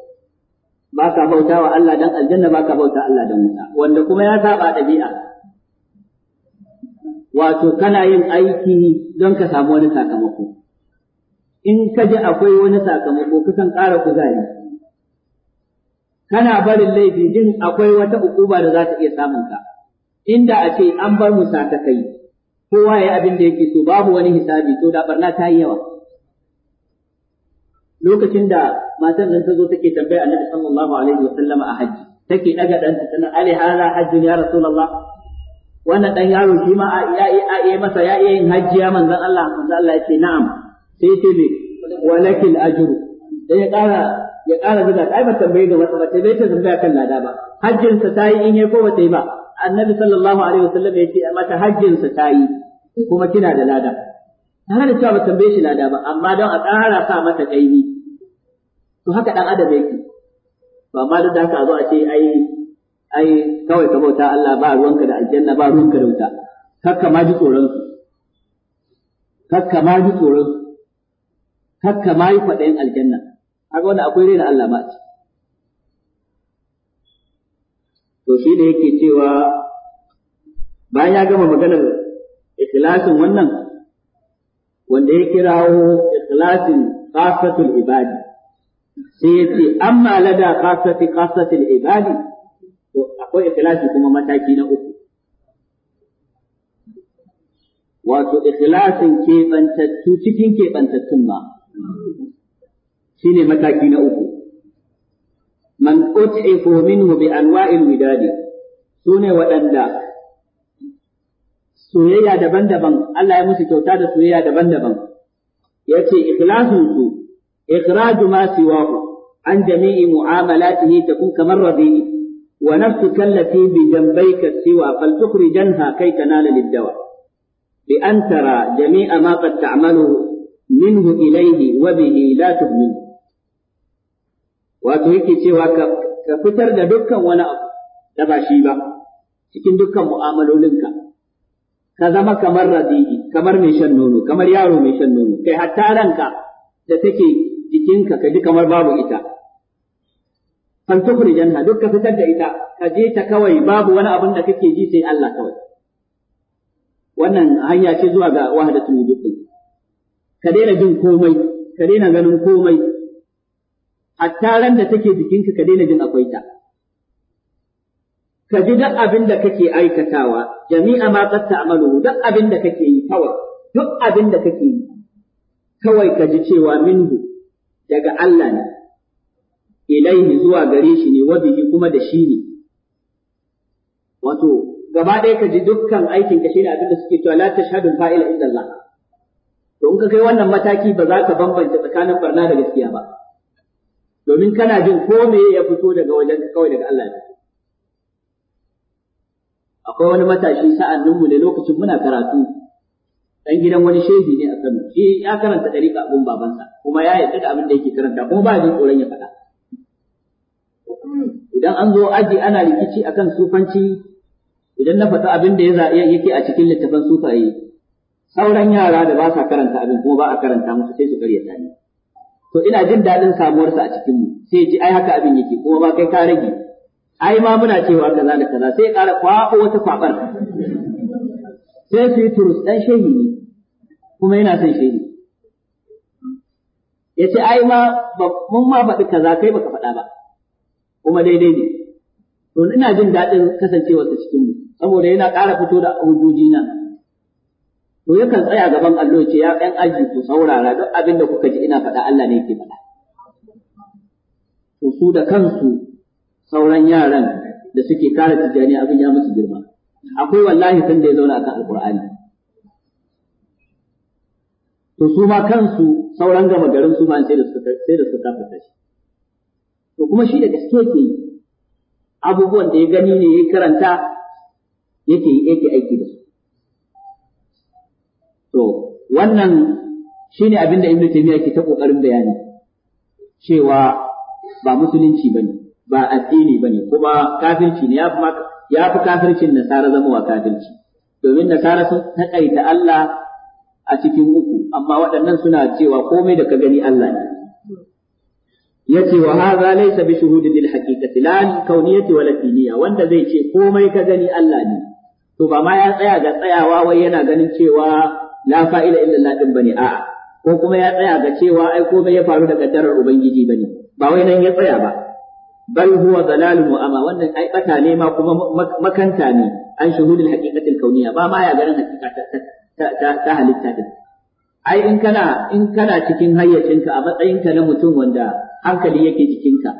ba ka bauta wa Allah dan aljanna ba ka bauta Allah dan wuta wanda kuma ya saba ɗabi'a wato kana yin aiki don ka samu wani sakamako in ka ji akwai wani sakamako ka san ƙara kuzari kana barin laifi jin akwai wata ukuba da za ta iya samun ka inda a ce an bar mu sakakai kowa ya abin da yake so babu wani hisabi to da barna ta yi yawa lokacin da matan nan ta zo take tambaya annabi sallallahu alaihi wa sallama a haji take daga danta tana ali hala hajjun ya rasulullah wannan dan yaro shi ma ya iya masa ya iya yin hajji ya manzon Allah manzon Allah yace na'am sai ce me walakil ajru sai ya kara ya kara zuga ai ba tambaye ga wata ba sai ta tambaya kan lada ba hajjin sa tayi in yayi ko ba tayi ba annabi sallallahu alaihi wa sallam yace mata hajjin sa tayi kuma kina da lada tare da cewa ba tambaye shi lada ba amma don a ƙara sa mata kaimi to haka dan adam yake ba ma da haka a zo a ce ai ai kawai ka bauta Allah ba ruwanka da aljanna ba ruwanka da wuta kakka ma ji tsoron su kakka ma ji tsoron su kakka ma yi kwaɗayin aljanna haka wanda akwai rai da Allah ma ce to shi da yake cewa bayan ya gama maganar ikhlasin wannan wanda ya kirawo ikhlasin qasatul ibadi sai ya ce amma lada kasafi qasatil ibadi to akwai ikhlasi kuma mataki na uku wato ikhlasin keɓantattu cikin keɓantattun ma shine mataki na uku man ut'ifu minhu bi anwa'il widadi sune waɗanda soyayya daban-daban Allah ya musu kyauta da soyayya daban-daban yace ikhlasin su إخراج ما سواه عن جميع معاملاته تكون كمن ونفسك التي بجنبيك السوى فلتخرجنها كي تنال للدواء بأن ترى جميع ما قد تعمله منه إليه وبه لا تهمله wato yake cewa ka fitar da dukkan wani abu da ba shi ba cikin dukkan mu'amalolinka ka zama kamar radidi kamar mai shan nono kamar yaro mai shan nono kai hatta ranka da take jikinka ka ji kamar babu ita an janna duk ka fitar da ita ka je ta kawai babu wani abin da kake ji sai Allah kawai wannan hanya ce zuwa ga wahdatul jikin. ka daina jin komai ka daina ganin komai A taron da take jikinka ka daina jin akwai ta ka ji duk abin da kake aikatawa jami'a ma tsatta ta'malu duk abin da kake yi kawai duk abin da kake yi kawai ka ji cewa minhu daga Allah ne ilaihi zuwa gare shi ne wa kuma da shi ne wato gaba ɗaya ka ji dukkan aikin ka shine abinda suke cewa la tashhadu fa'ila inda Allah to in ka kai wannan mataki ba za ka bambanta tsakanin barna da gaskiya ba domin kana jin ko me ya fito daga wajen kawai daga Allah ne akwai wani matashi sa'an mu ne lokacin muna karatu dan gidan wani shehi ne a Kano shi ya karanta dariƙa abun babansa kuma ya yarda da abin da yake karanta kuma ba jin koran ya faɗa idan an zo aji ana rikici akan sufanci idan na faɗa abin da ya yake a cikin littafin sufaye sauran yara da ba sa karanta abin kuma ba a karanta musu sai su karyata ni to ina jin daɗin samuwarsa a cikin mu sai ji ai haka abin yake kuma ba kai ka rage ai ma muna cewa kaza da kaza sai ƙara kwaɓo wata kwaɓar sai su yi turutsan shehi kuma yana son shehi ya ce ai ma mun ma faɗi kaza kai baka faɗa ba kuma daidai ne to ina jin daɗin kasancewarsa cikin mu saboda yana ƙara fito da hujjoji na to yakan tsaya gaban allo ya ce ya ɗan aji ku saurara duk abin da kuka ji ina faɗa Allah ne ke faɗa to su da kansu sauran yaran da suke kare tijjani abin ya musu girma akwai wallahi sun da ya zauna akan Alƙur'ani. to su ma kansu sauran gama garin su ma sai da suka sai da suka fita shi to kuma shi da gaske ke yi abubuwan da ya gani ne ya karanta yake yake aiki da su to wannan shine abin da ibnu taymiya ke ta kokarin bayani cewa ba musulunci bane ba addini bane kuma kafirci ne ya fi maka. ya fi kafircin nasara zama wa kafirci domin nasara sun taƙaita Allah a cikin uku amma waɗannan suna cewa komai da ka gani Allah ne Ya ce wa hadha laisa bi shuhudi lil haqiqati la ya kauniyati wala diniya wanda zai ce komai ka gani Allah ne to ba ma ya tsaya ga tsayawa wai yana ganin cewa la fa'ila illa Allah din bane a'a ko kuma ya tsaya ga cewa ai komai ya faru da kaddarar ubangiji bane ba wai nan ya tsaya ba bal huwa dalalun wa ama wannan ai bata ne ma kuma makanta ne an shuhudul haqiqatil kauniyya ba ma ya garin haqiqa ta ta halitta din ai in kana in cikin hayyacinka a matsayinka na mutum wanda hankali yake jikinka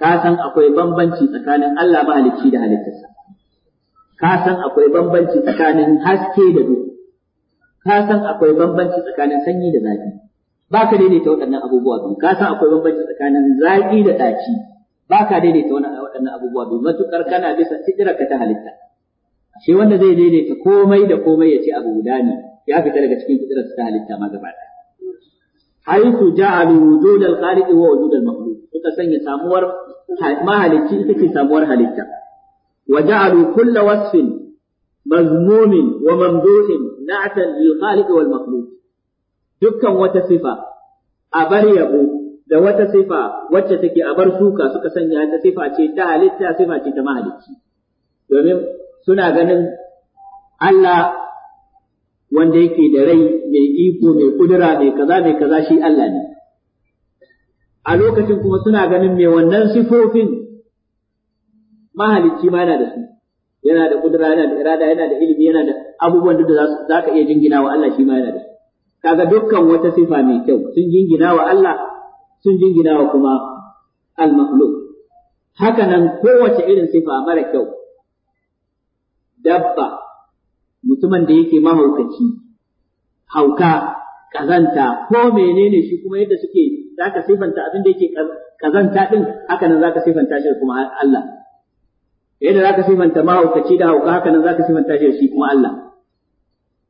ka san akwai bambanci tsakanin Allah mahalicci da halittarsa ka san akwai bambanci tsakanin haske da duhu ka san akwai bambanci tsakanin sanyi da zafi ba ka daidaita waɗannan abubuwa biyu ka san akwai bambanci tsakanin zaƙi da ɗaci ba ka daidaita waɗannan abubuwa biyu matuƙar kana bisa fitirarka ta halitta ashe wanda zai daidaita komai da komai ya ce abu guda ne ya fita daga cikin fitirarsa ta halitta ma gaba ɗaya haythu ja'alu wujud al-khaliq wa wujud al-makhluq suka sanya mahalicci ita ce samuwar halitta wa ja'alu kulla wasfin mazmumin wa na'atan wal dukkan wata sifa a bar yabo da wata sifa wacce take a bar suka suka sanya ta sifa ce ta halitta sifa ce ta mahalicci domin suna ganin Allah wanda yake da rai mai iko mai kudura mai kaza mai kaza shi Allah ne a lokacin kuma suna ganin mai wannan sifofin mahalicci ma yana da su yana da kudura yana da irada yana da ilimi yana da abubuwan da za ka iya jingina wa Allah shi ma yana da su kaga dukkan wata sifa mai kyau sun jingina wa Allah sun jingina wa kuma al-makhluq haka nan kowace irin sifa mara kyau dabba mutumin da yake mahaukaci hauka kazanta ko menene shi kuma yadda suke zaka sifanta abin da yake kazanta din haka nan zaka sifanta shi kuma Allah yadda zaka sifanta mahaukaci da hauka haka nan zaka sifanta shi kuma Allah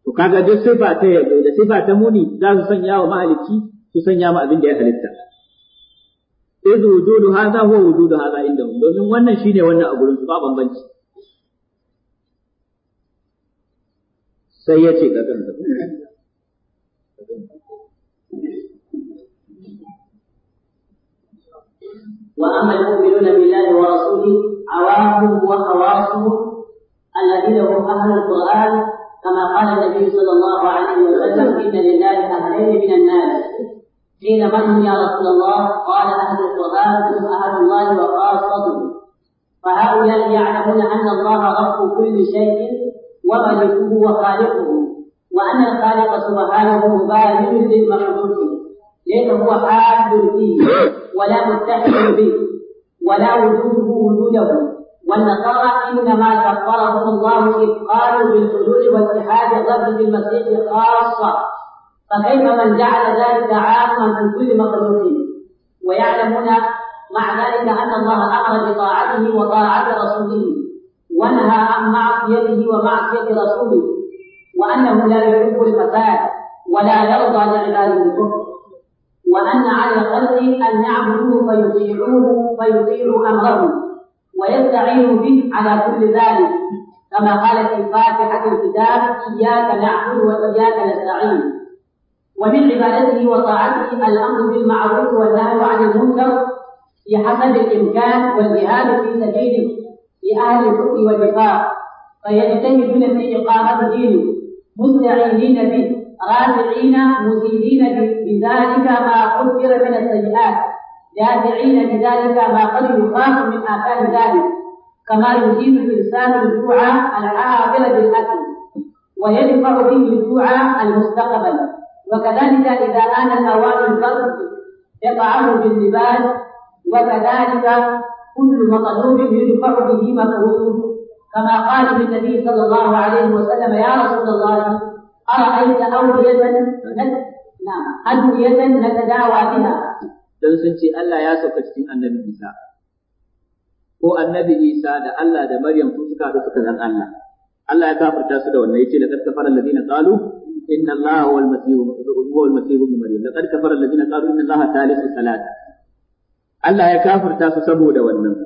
to kaga duk sifa ta yabo sifa ta muni za su sanya wa mahalicci su sanya ma abin da ya halitta iz wujudu hadha huwa wujudu hadha inda domin wannan shine wannan a gurin su ba bambanci sai ya ce ka kanta وأما المؤمنون بالله ورسوله عوام وخواصهم الذين هم أهل القرآن كما قال النبي صلى الله عليه وسلم إن لله أهلين من الناس قيل من يا رسول الله قال أهل القرآن هم أهل الله وخاصته فهؤلاء يعلمون أن الله رب كل شيء وملكه وخالقه وأن الخالق سبحانه مبارك للمخلوق لأنه هو حاد فيه ولا متحد به ولا وجوده وجوده والنصارى إنما كفرهم الله إذ قالوا بالحلول واتحاد الرب بالمسيح خاصة فكيف من جعل ذلك عاما في كل مخلوق ويعلمون مع ذلك أن الله أمر بطاعته وطاعة رسوله ونهى عن معصيته ومعصية رسوله وأنه لا يحب الفساد ولا يرضى لعباده الكفر وأن على الخلق أن يعبدوه فيطيعوه فيطيعوا أمره ويستعين به على كل ذلك كما قال في فاتحة الكتاب إياك نعبد وإياك نستعين ومن عبادته وطاعته الأمر بالمعروف والنهي عن المنكر في حسب الإمكان والجهاد في سبيله لأهل الحكم والوفاق فيجتهدون في إقامة دينه مستعينين به راجعين مزيدين بذلك ما قدر من السيئات جازعين بذلك ما قد يخاف من آثار ذلك كما يزيد الإنسان الجوع العاقل بالأكل ويدفع به الجوع المستقبل وكذلك إذا آن الأوان الفرد يقعه باللباس وكذلك كل مطلوب يدفع به مكروه كما قال النبي صلى الله عليه وسلم يا رسول الله أرأيت أولية نعم أدوية نتداوى بها don sun ce Allah ya sauka cikin annabi Isa ko annabi Isa da Allah da Maryam sun suka haɗu suka zan Allah Allah ya kafarta su da wannan yace laqad kafara alladhina qalu inna Allah wal masih wal masih ibn Maryam laqad kafara alladhina qalu inna Allah thalithu thalatha Allah ya kafarta su saboda wannan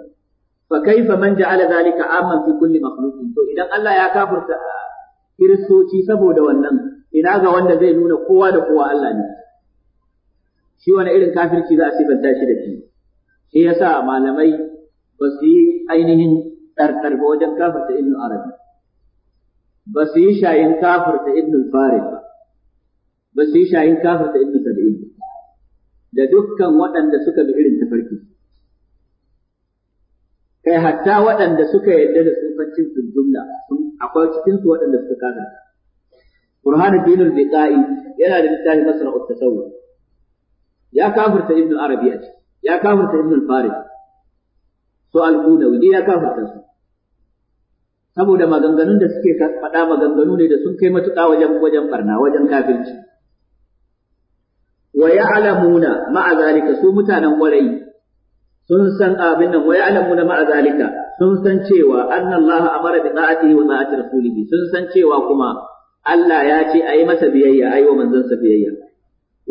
fa kaifa man ja'ala zalika amman fi kulli makhluqin to idan Allah ya kafarta ah, kiristoci saboda wannan ina ga wanda zai nuna kowa da kowa Allah ne shi wani irin kafirci za a sifanta shi da shi shi yasa malamai ba su yi ainihin ɗarɗar ba wajen kafirta ibnu arabi ba su yi shayin kafirta ibnu farid ba ba su yi shayin kafirta ibnu sab'in da dukkan waɗanda suka bi irin tafarki kai hatta waɗanda suka yarda da tsofaffin fil jumla akwai cikin su waɗanda suka kafirta burhanuddin al-biqai yana da littafin masra'ut tasawwur ya kafirta ibn arabi a ya kafirta ibn farid su al-qudawi ya kafirta su saboda maganganun da suke faɗa maganganu ne da sun kai matuƙa wajen wajen barna wajen kafirci wa ya'lamuna ma'a zalika su mutanen ƙwarai sun san abin nan wa ya'lamuna ma'a zalika sun san cewa annallaha amara bi ta'atihi wa ta'ati rasulihi sun san cewa kuma Allah ya ce ayi masa biyayya ayi wa manzansa biyayya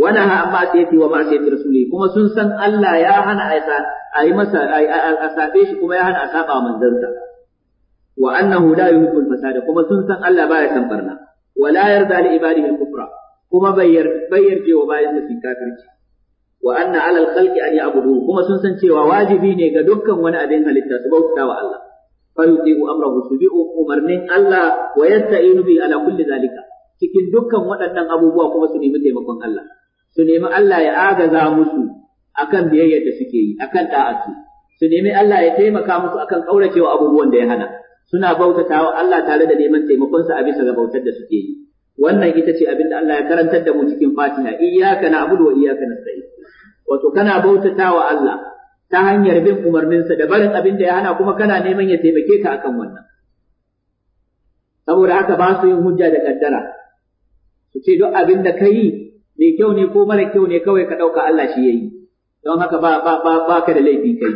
wani ha amma sai fi wa ma sai rasuli kuma sun san Allah ya hana a yi masa a sabe shi kuma ya hana a saba manzansa wa annahu la yuhibbul fasada kuma sun san Allah baya san barna wa la yarda li ibadihi al-kufra kuma bayyar bayyar ce wa bayan da kafirci wa anna ala al-khalqi an ya'budu kuma sun san cewa wajibi ne ga dukkan wani abin halitta su bauta wa Allah fa yuti'u amrahu su bi umarnin Allah wa yasta'inu bi ala kulli zalika cikin dukkan waɗannan abubuwa kuma su nemi taimakon Allah su nemi Allah ya agaza musu akan biyayyar da suke yi akan da'atu su nemi Allah ya taimaka musu akan kauracewa abubuwan da ya hana suna bautata wa Allah tare da neman taimakon a bisa ga bautar da suke yi wannan ita ce abin da Allah ya karantar da mu cikin Fatiha iyyaka na'budu wa iyyaka nasta'in wato kana bautata wa Allah ta hanyar bin umarninsa da barin abin da ya hana kuma kana neman ya taimake ka akan wannan saboda haka ba su yin hujja da kaddara su ce duk abin da ka yi mai kyau ne ko mara kyau ne kawai ka ɗauka Allah shi ya yi don haka ba ba ba ba ka da laifi kai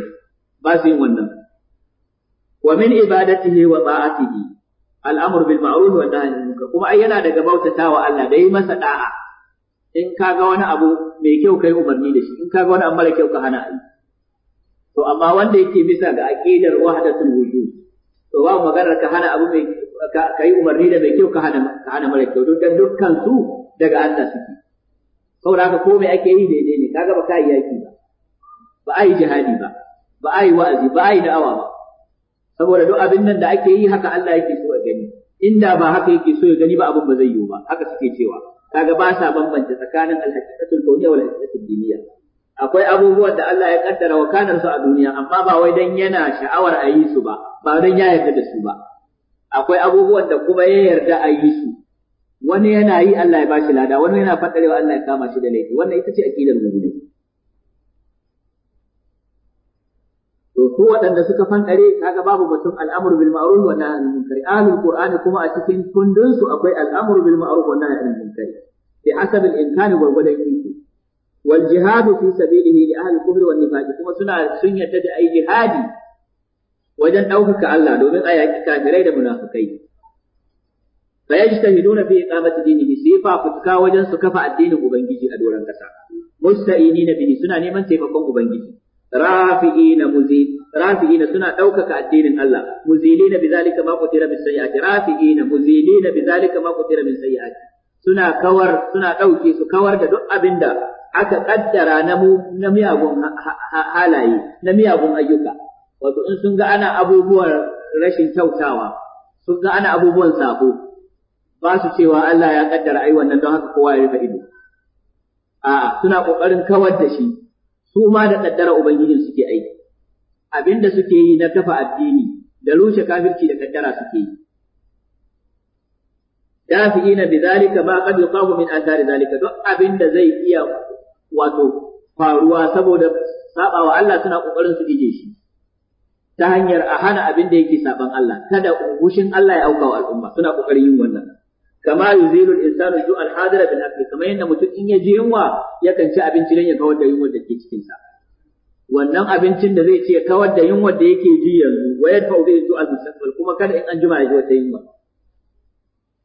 ba su yin wannan wa min ne wa ta'atihi al'amur bil ma'ruf wa nahy anil kuma ai yana daga bautatawa Allah da yi masa da'a in ka ga wani abu mai kyau kai umarni da shi in ka ga wani abu mara kyau ka hana ai to amma wanda yake bisa ga aqidar wahdatul wujud to ba maganar ka hana abu mai ka yi umarni da mai kyau ka hana mara kyau don dukkan su daga Allah suke saboda haka ko mai ake yi daidai ne kaga ba ka yi yaki ba ba a yi jihadi ba ba a yi wa'azi ba a yi da'awa ba saboda duk abin nan da ake yi haka Allah yake so ya gani inda ba haka yake so ya gani ba abin ba zai yi ba haka suke cewa kaga ba sa bambanta tsakanin alhaqiqatul kawniyya wal haqiqatul diniyya akwai abubuwan da Allah ya kaddara wa kanar su a duniya amma ba wai dan yana sha'awar a yi su ba ba dan ya yarda da su ba akwai abubuwan da kuma ya yarda a yi su wani yana yi Allah ya bashi lada wani yana fadarewa Allah ya kama shi da laifi wannan ita ce aqidar mu'mini to ko waɗanda suka fankare kaga babu mutum al'amru bil ma'ruf wa nahy anil munkar ahlul qur'ani kuma a cikin kundin su akwai al'amru bil ma'ruf wa nahy anil munkar bi hasab al imkan wa gwadan iko wal jihad fi sabilihi li ahli kufr wa nifaq kuma suna sun yadda da ai jihadi wajen ɗaukaka Allah domin a kafirai da munafikai fa yajtahiduna fi iqamati dinihi su yi fafutuka wajen su kafa addinin ubangiji a doron kasa musta'inina bihi suna neman taimakon ubangiji rafi'ina muzi rafi'ina suna ɗaukaka addinin Allah muzilina bizalika ma qutira min sayyi'ati rafi'ina muzilina bizalika ma qutira min sayyi'ati suna kawar suna ɗauke su kawar da duk abinda aka kaddara na mu na miyagun halaye na miyagun ayyuka wato in sun ga ana abubuwan rashin tautawa. sun ga ana abubuwan sabo ba su cewa Allah ya kaddara ai wannan don haka kowa ya rufe ido a suna kokarin kawar da shi su ma da kaddara ubangijin suke aiki abinda suke yi na kafa addini da rushe kafirci da kaddara suke yi dafi'ina bidhalika ma qad yuqamu min athari zalika duk abinda zai iya wato faruwa saboda saba wa Allah suna kokarin su ije shi ta hanyar a hana abin da yake saban Allah kada ungushin Allah ya auka wa al'umma suna kokarin yin wannan kama yuzilu al-insanu ju al-hadira bil akli kamar yadda mutum in ya ji yunwa yakan ci abinci ne ya kawar da yunwar da ke cikin sa wannan abincin da zai ce kawar da yunwar da yake ji yanzu wa yadfa'u bihi ju al-mustaqbal kuma kada in an jima ya ji wata yunwa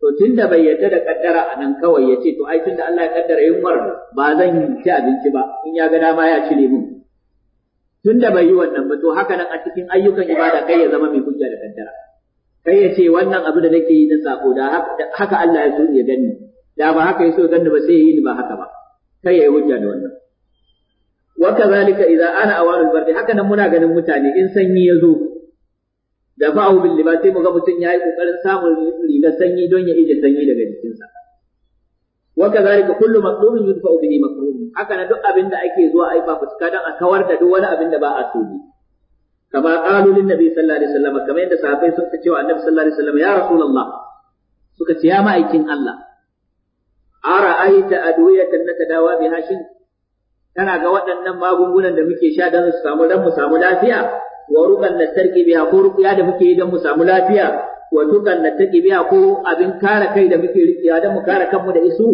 to tunda bai yadda da kaddara a nan kawai ya ce to ai tunda Allah ya kaddara yunwar ba zan ci abinci ba in ya ga dama ya cire min tunda bai yi wannan ba to haka nan a cikin ayyukan ibada kai ya zama mai hujja da kaddara kai ya ce wannan abu da nake yi na sako da haka Allah ya so ya ganni da ba haka ya so ganni ba sai ya yi ni ba haka ba kai ya yi hujja da wannan wa kazalika idza ana awarul bardi haka nan muna ganin mutane in sanyi ya zo da ba'u bil libati mu ga mutun yayi kokarin samun rigar sanyi don ya ije sanyi daga jikinsa wa kazalika kullu maqlumin yudfa bihi makruh haka nan duk abin da ake zuwa ai ba fuska dan a kawar da duk wani abin da ba a so ba kama qalu lin nabi sallallahu alaihi wasallam kamar yadda sahabbai suka ce wa annabi sallallahu alaihi wasallam ya rasulullah suka ce ya ma'aikin Allah ara'aita adwiyatan natadawa biha shin kana ga waɗannan magungunan da muke sha don su samu dan mu samu lafiya wa rukan na tarki biya ko rukiya da muke yi don mu samu lafiya wa tukan na tarki biya ko abin kare kai da muke rikiya don mu kare kanmu da isu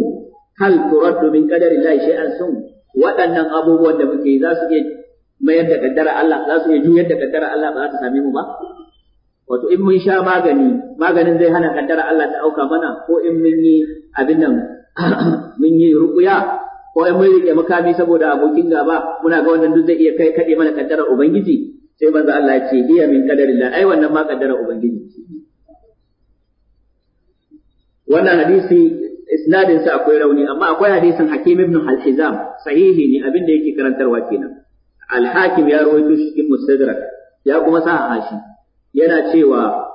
hal turaddu min qadari llahi shay'an sun waɗannan abubuwan da muke yi za su iya mayar da kaddara Allah za su iya juyar da kaddara Allah ba za ta same mu ba wato in mun sha magani maganin zai hana kaddara Allah ta auka mana ko in mun yi abin nan mun yi ruqya ko in mun rike makami saboda abokin gaba muna ga wannan duk zai iya kai kade mana kaddara ubangiji sai banza Allah ya ce iya min kadarillah ai wannan ma kaddara ubangiji wannan hadisi isnadin sa akwai rauni amma akwai hadisin Hakim ibn Al-Hizam sahihi ne abin da yake karantarwa kenan Alhakim, hakim ya rawaito shi cikin mustadrak ya kuma sa hashi yana cewa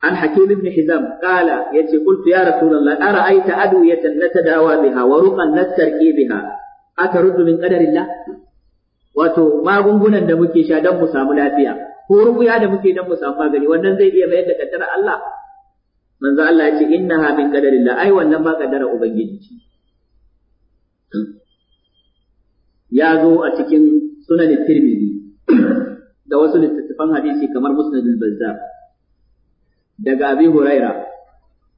an hakim ibn hizam ya ce qultu ya rasulullah ara'aita adwiyatan natadawa biha wa ruqan nastarqi biha ataruddu min qadarillah wato magungunan da muke sha don mu samu lafiya ko rubuya da muke don mu samu magani wannan zai iya mayar da kaddara Allah manzo Allah ya ce innaha min qadarillah ai wannan ba kaddara ubangiji ya zo a cikin sunan tirmidhi da wasu littattafan hadisi kamar musnad al-bazzar daga abi huraira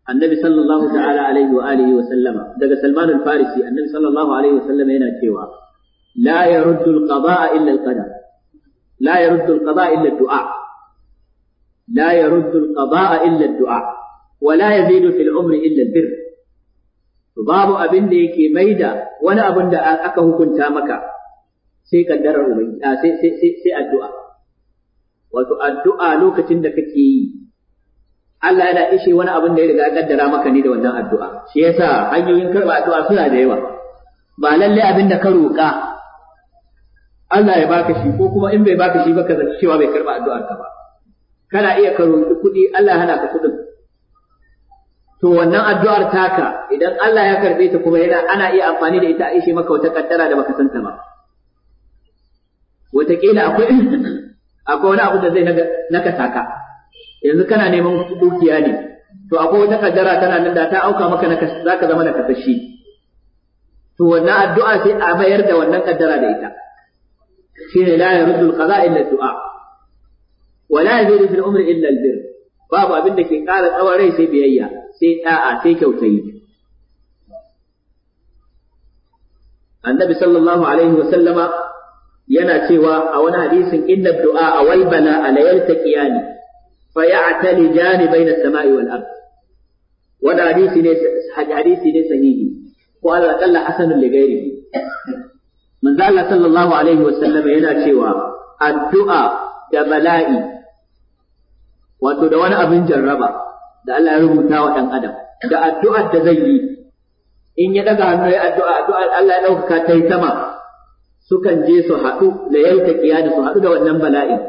annabi sallallahu alaihi wa wa sallama daga salman al annabi sallallahu alaihi wa sallama yana cewa la yaruddu al-qada'a illa al dua la yaruddu al-qada'a illa ad-du'a wa la yazidu fil umri illa babu abin da yake maida wani abin da aka hukunta maka sai kaddarar ubangi a ah, sai sai sai sai addu'a wato addu'a lokacin da kake yi Allah yana ishe wani abin da ya riga kaddara maka ne da wannan addu'a shi yasa hanyoyin karba addu'a suna da yawa ba lalle abin da ka roƙa Allah ya baka shi ko kuma in bai baka shi ba ka zaci cewa bai karba addu'ar ka ba kana iya ka roƙi kuɗi Allah hana ka kuɗin to wannan addu'ar taka idan Allah ya karbe ta kuma yana ana iya amfani da ita a ishe maka wata kaddara da baka santa ba wataƙila akwai akwai wani abu da zai naka ka yanzu kana neman dukiya ne to akwai wata kaddara tana nan da ta auka maka nakasa zaka zama nakasashi to wannan addu'a sai a mayar da wannan kaddara da ita shine la yaruddu alqada illa du'a wa la yazidu fil umri illa albir babu abin da ke ƙara tsawon rai sai biyayya sai da'a sai kyautayi annabi sallallahu alaihi wa sallama yana cewa a wani hadisin inna du'a a waibana a layaltaqiyani fa ya jani bai na samai wal ard wani hadisi ne hadisi ne sahihi ko Allah kalla hasanul li ghairihi manzo Allah sallallahu alaihi wasallam yana cewa addu'a da bala'i wato da wani abin jarraba da Allah ya rubuta wa dan adam da addu'ar da zai yi in ya daga hannu ya addu'a addu'ar Allah ya dauka ta yi sama sukan je su haɗu da yanka kiyani su haɗu da wannan bala'in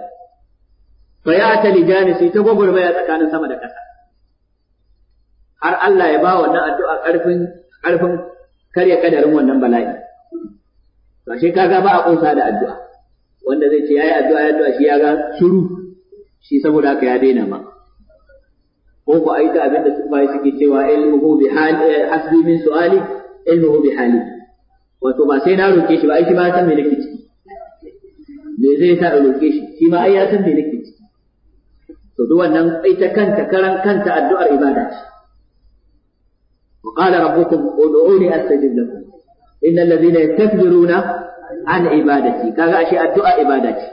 fa ya ta lijani su ta gwagwarmaya tsakanin sama da ƙasa har Allah ya ba wannan addu'a ƙarfin ƙarfin karya kadarin wannan bala'i to shi kaga ba a kunsa da addu'a wanda zai ce yayi addu'a ya addu'a shi ya ga shiru shi saboda haka ya daina ma ko ku aita abinda su bai suke cewa ilmuhu bi hali eh, hasbi min su'ali ilmuhu bi hali wato ba sai na roƙe shi ba ai shi ba ya san me nake ciki me zai sa in roƙe shi shi ma ai ya san me nake ciki to duk wannan ita kanta karan kanta addu'ar ibada ce rabbukum ربكم astajib lakum innal ladina yastakbiruna an ibadati Kaga ashe addu'a ibada ce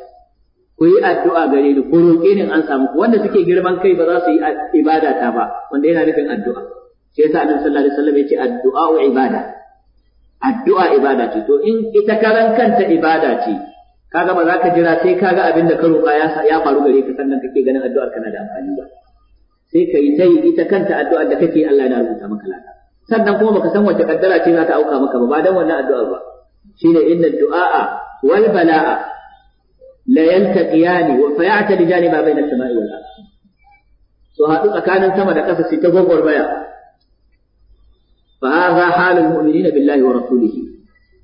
ku yi addu'a gare ni ku roƙe ni an samu wanda suke girman kai ba za su yi ibada ta ba wanda yana nufin addu'a shi yasa annabi sallallahu alaihi wasallam yace addu'a ibada addu'a ibada ce to in ita karan kanta ibada ce kaga ba za ka jira sai kaga abin da ka roƙa ya ya faru gare ka sannan kake ganin addu'ar kana da amfani ba sai ka yi ta yi ita kanta addu'ar da kake Allah ya rubuta maka lada sannan kuma baka san wace kaddara ce za ta auka maka ba ba dan wannan addu'ar ba shine inna du'a wal bala'a la yaltaqiyani wa fayata li janiba bayna as-sama'i wal ardh so haɗu tsakanin sama da ƙasa sai ta gwagwarmaya fa hadha halul mu'minina billahi wa rasulihi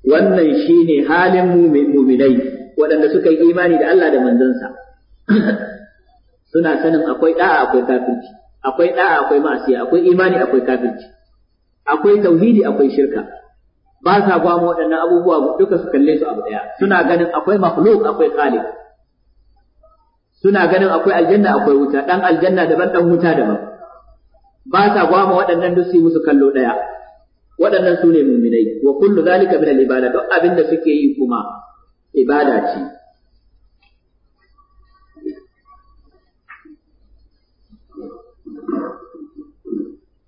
wannan shine halin mu'minai waɗanda suka yi imani da Allah da manzansa suna sanin akwai da'a akwai kafirci akwai da'a akwai ma'asiya akwai imani akwai kafirci akwai tauhidi akwai shirka ba sa ba mu waɗannan abubuwa duka su kalle su abu ɗaya suna ganin akwai makhluk akwai khaliq suna ganin akwai aljanna akwai wuta dan aljanna daban dan wuta daban ba sa gwama waɗannan duk su musu kallo ɗaya waɗannan su ne muminai wa kullu zalika min al-ibada duk abin da suke yi kuma ibada ce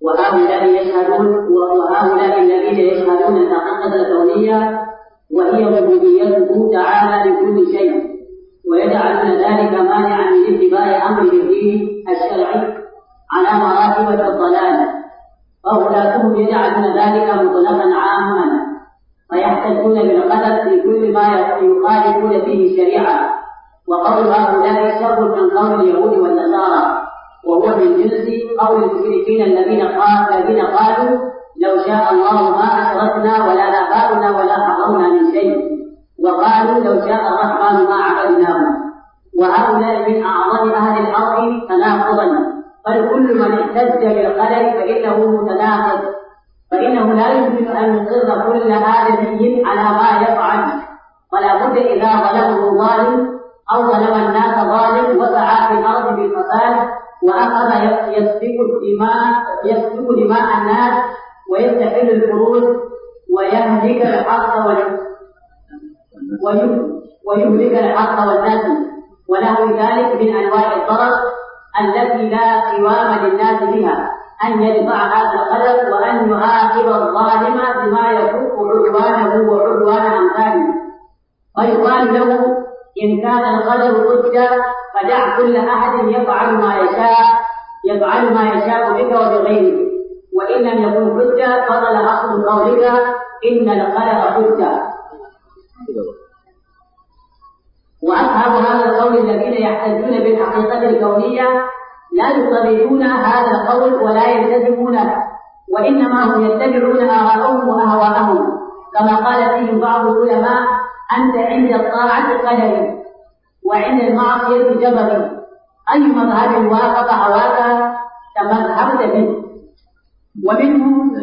وهؤلاء يشهدون وهؤلاء الذين يشهدون الحقيقة الكونية وهي ربوبيته تعالى لكل شيء ويجعلون ذلك مانعا من اتباع أمره الشرعي على مراتب الضلال وغلاتهم يجعلون ذلك مطلقا عاما فيحتجون بالقدر في كل ما يخالفون فيه الشريعه وقول هؤلاء شر من قول اليهود والنصارى وهو من جنس قول المشركين الذين قالوا الذين قالوا لو شاء الله ما اشركنا ولا اباؤنا ولا حرمنا من شيء وقالوا لو شاء الرحمن ما عبدناه وهؤلاء من اعظم اهل الارض بل كل من اهتز بالقدر فإنه متناقض فإنه لا يمكن أن يقر كل آدمي على ما يفعل ولا بد إذا ظلمه ظالم أو ظلم الناس ظالم وسعى في الأرض بالفساد وأخذ يسفك الدماء يسفك دماء الناس ويستحل الفروج ويهلك الحق ويهلك الحق والنسل وله ذلك من أنواع الضرر التي لا قوام للناس بها أن يدفع هذا القدر وأن يعاقب الظالم بما يفوق عدوانه وعدوان أمثاله ويقال له إن كان القدر قدر فدع كل أحد يفعل ما يشاء يفعل ما يشاء بك وبغيرك وإن لم يكن قدر فضل أصل قولك إن القدر قدر وأصحاب هذا القول الذين يحتجون بالحقيقة الكونية لا يصدرون هذا القول ولا يلتزمونه وإنما هم يتبعون آراءهم وأهواءهم كما قال فيهم بعض العلماء أنت عند الطاعة قدري وعند المعصية جبري أي مذهب وافق هواك تمذهبت به ومنهم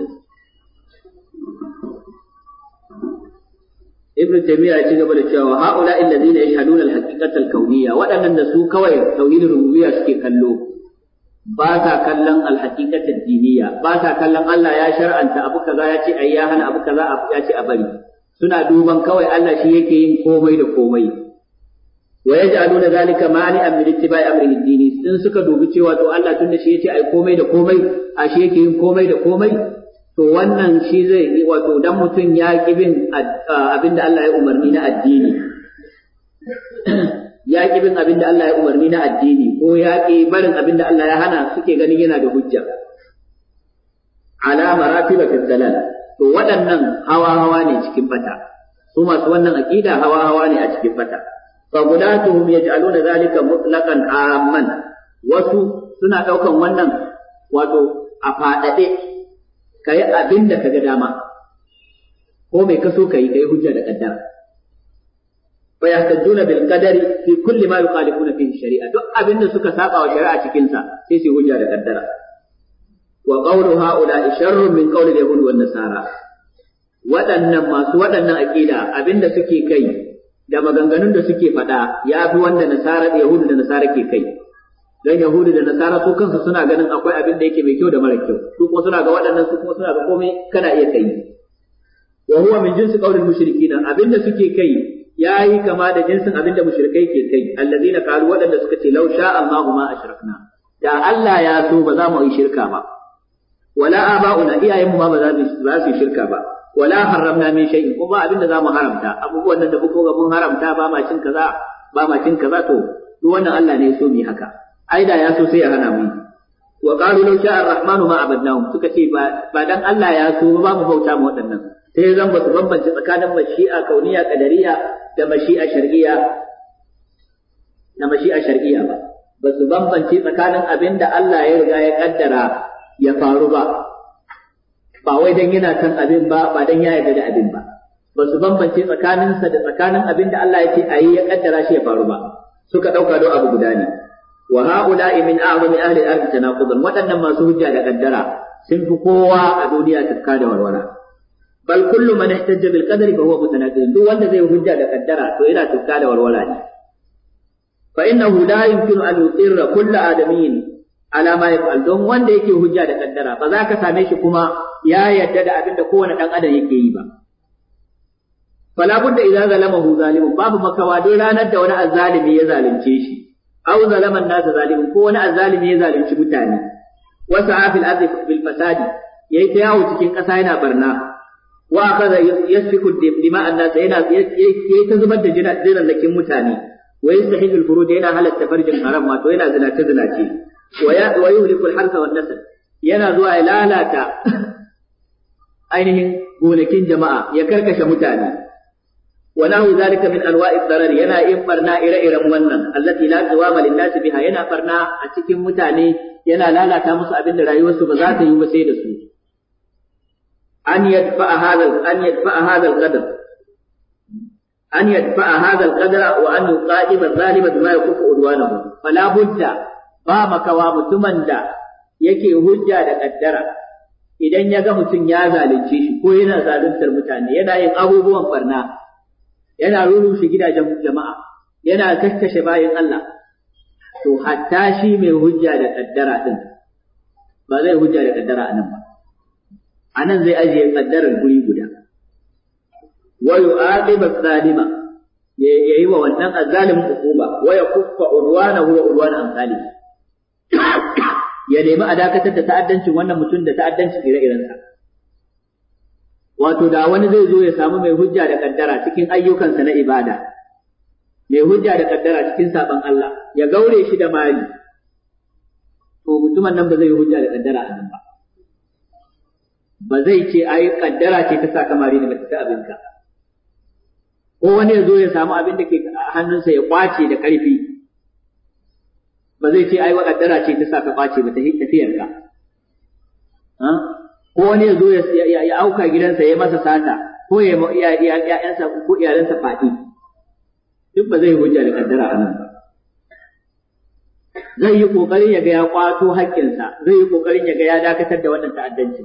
ibn taymiya ya ci gaba da cewa haula allazina yashhaduna al-haqiqata al-kawniyya wadannan da su kawai tauhidul rububiyya suke kallo ba sa kallon al-haqiqata ad ba sa kallon Allah ya shar'anta abu kaza ya ce ai ya hana abu kaza ya ce a bari suna duban kawai Allah shi yake yin komai da komai wa yaj'aluna zalika suka dubi cewa to Allah tunda shi yace ai komai da komai a shi yake yin komai da komai to wannan shi zai yi wato dan mutum ya ki bin abin da Allah ya umarni na addini ya ki bin abin da Allah ya umarni na addini ko ya ki barin abin da Allah ya hana suke ganin yana da hujja ala maratiba fi dalal to waɗannan hawa hawa ne cikin fata, su masu wannan aqida hawa hawa ne a cikin fata fa gudatuhum yaj'aluna zalika mutlaqan amman wasu suna daukan wannan wato a faɗaɗe ka yi abin da ka ga dama ko mai kaso ka yi ka yi hujja da kaddara fa yahtajuna bil qadari fi kulli ma yuqalifuna fi shari'a duk abin da suka saba wa shari'a cikin sa sai su hujja da kaddara wa qawlu haula sharrun min qawli yahud wan nasara waɗannan masu waɗannan aqida abin da suke kai da maganganun da suke faɗa ya fi wanda nasara yahudu da nasara ke kai Don yahudu da nasara su kansu suna ganin akwai abin da yake mai kyau da mara kyau su kuma suna ga waɗannan su kuma suna ga komai kana iya kai wa huwa min jinsi qawlil mushrikin abin da suke kai ya yi kama da jinsin abin da mushrikai ke kai allazina qalu waɗanda suka ce law sha Allahu ma ashrakna da Allah ya so ba za mu yi shirka ba wala aba'una iyayen mu ma ba za su yi shirka ba wala haramna min shay'in kuma abin da za mu haramta abubuwan da muka ga mun haramta ba ma cin kaza ba ma cin kaza to duk wannan Allah ne ya so mu yi haka ai da ya so sai ya hana mu wa qalu law sha'a ar-rahmanu ma abadnahum suka ce ba dan Allah ya so ba mu bauta mu waɗannan sai zan ba su bambance tsakanin mashi'a kauniya qadariya da mashi'a shar'iyya da mashi'a shar'iyya ba ba su bambance tsakanin abin da Allah ya riga ya kaddara ya faru ba ba wai dan yana kan abin ba ba dan ya yarda da abin ba ba su bambance tsakaninsa da tsakanin abin da Allah ya ce ayi ya kaddara shi ya faru ba suka dauka do abu guda ne wa ha'ula'i min a'zami ahli al-ard waɗannan masu hujja da kaddara sun fi kowa a duniya tukka da warwara bal kullu man ihtajja bil qadari fa huwa mutanaqid duk wanda zai hujja da kaddara to yana tukka da warwara ne fa innahu la yumkinu an yutirra kullu adamiyyin ala ma yaf'al don wanda yake hujja da kaddara ba za ka same shi kuma ya yarda da abinda kowane dan yake yi ba fala budda idza babu makawa don ranar da wani azzalimi ya zalunce shi aw zalama an-nas ko wani azzalimi ya zalunci mutane wa sa'a fil ardi bil fasadi yayi ta yawo cikin ƙasa yana barna wa akhadha yasfiku dima'an nas yana yayi ta zubar da jinallakin mutane wa yastahilul furud yana halatta farjin haram To yana zinace zinace wa ya wa yuhliku al wan nasl yana zuwa ya lalata ainihin gonakin jama'a ya karkashe mutane wa nahu zalika min anwa'i darar yana yin farna ire-iren wannan allati la tawama lin nasi biha yana farna a cikin mutane yana lalata musu abin da rayuwarsu ba za ta yi ba sai da su an yadfa'a hadal an yadfa'a hadal qadar an yadfa'a hadal qadar wa an yuqadiba zalima bima yakufu udwanahu fala budda ba makawa mutumin da yake hujja da kaddara idan ya ga mutum ya zalunce shi ko yana zaluntar mutane yana yin abubuwan barna yana rurrushe gidajen jama'a yana kakkashe bayan Allah to hatta shi mai hujja da kaddara din ba zai hujja da kaddara a nan ba a nan zai ajiye kaddarar guri guda wa yu'aqiba zalima ya yi wa wannan azzalimin hukuma wa yakuffa urwanahu wa urwana amsalihi ya nemi a dakatar da ta'addancin wannan mutum da ta'addancin ire-irensa wato da wani zai zo ya samu mai hujja da kaddara cikin ayyukansa na ibada mai hujja da kaddara cikin saban Allah ya gaure shi da mali to mutumin nan ba zai hujja da kaddara a nan ba ba zai ce ai kaddara ce ta sa kamari da ta ka. ko wani ya zo ya samu abin da ke hannunsa ya kwace da karfi ba zai ce ai wa kaddara ce ta sa ka kwace ba ta ka. ko wani ya zo ya auka gidansa ya masa sata ko ya ‘ya'yansa ko iyalansa faɗi duk ba zai hujja da kaddara a nan ba zai yi ƙoƙarin ya ga ya ƙwato haƙƙinsa zai yi ƙoƙarin ya ga ya dakatar da wannan ta'addanci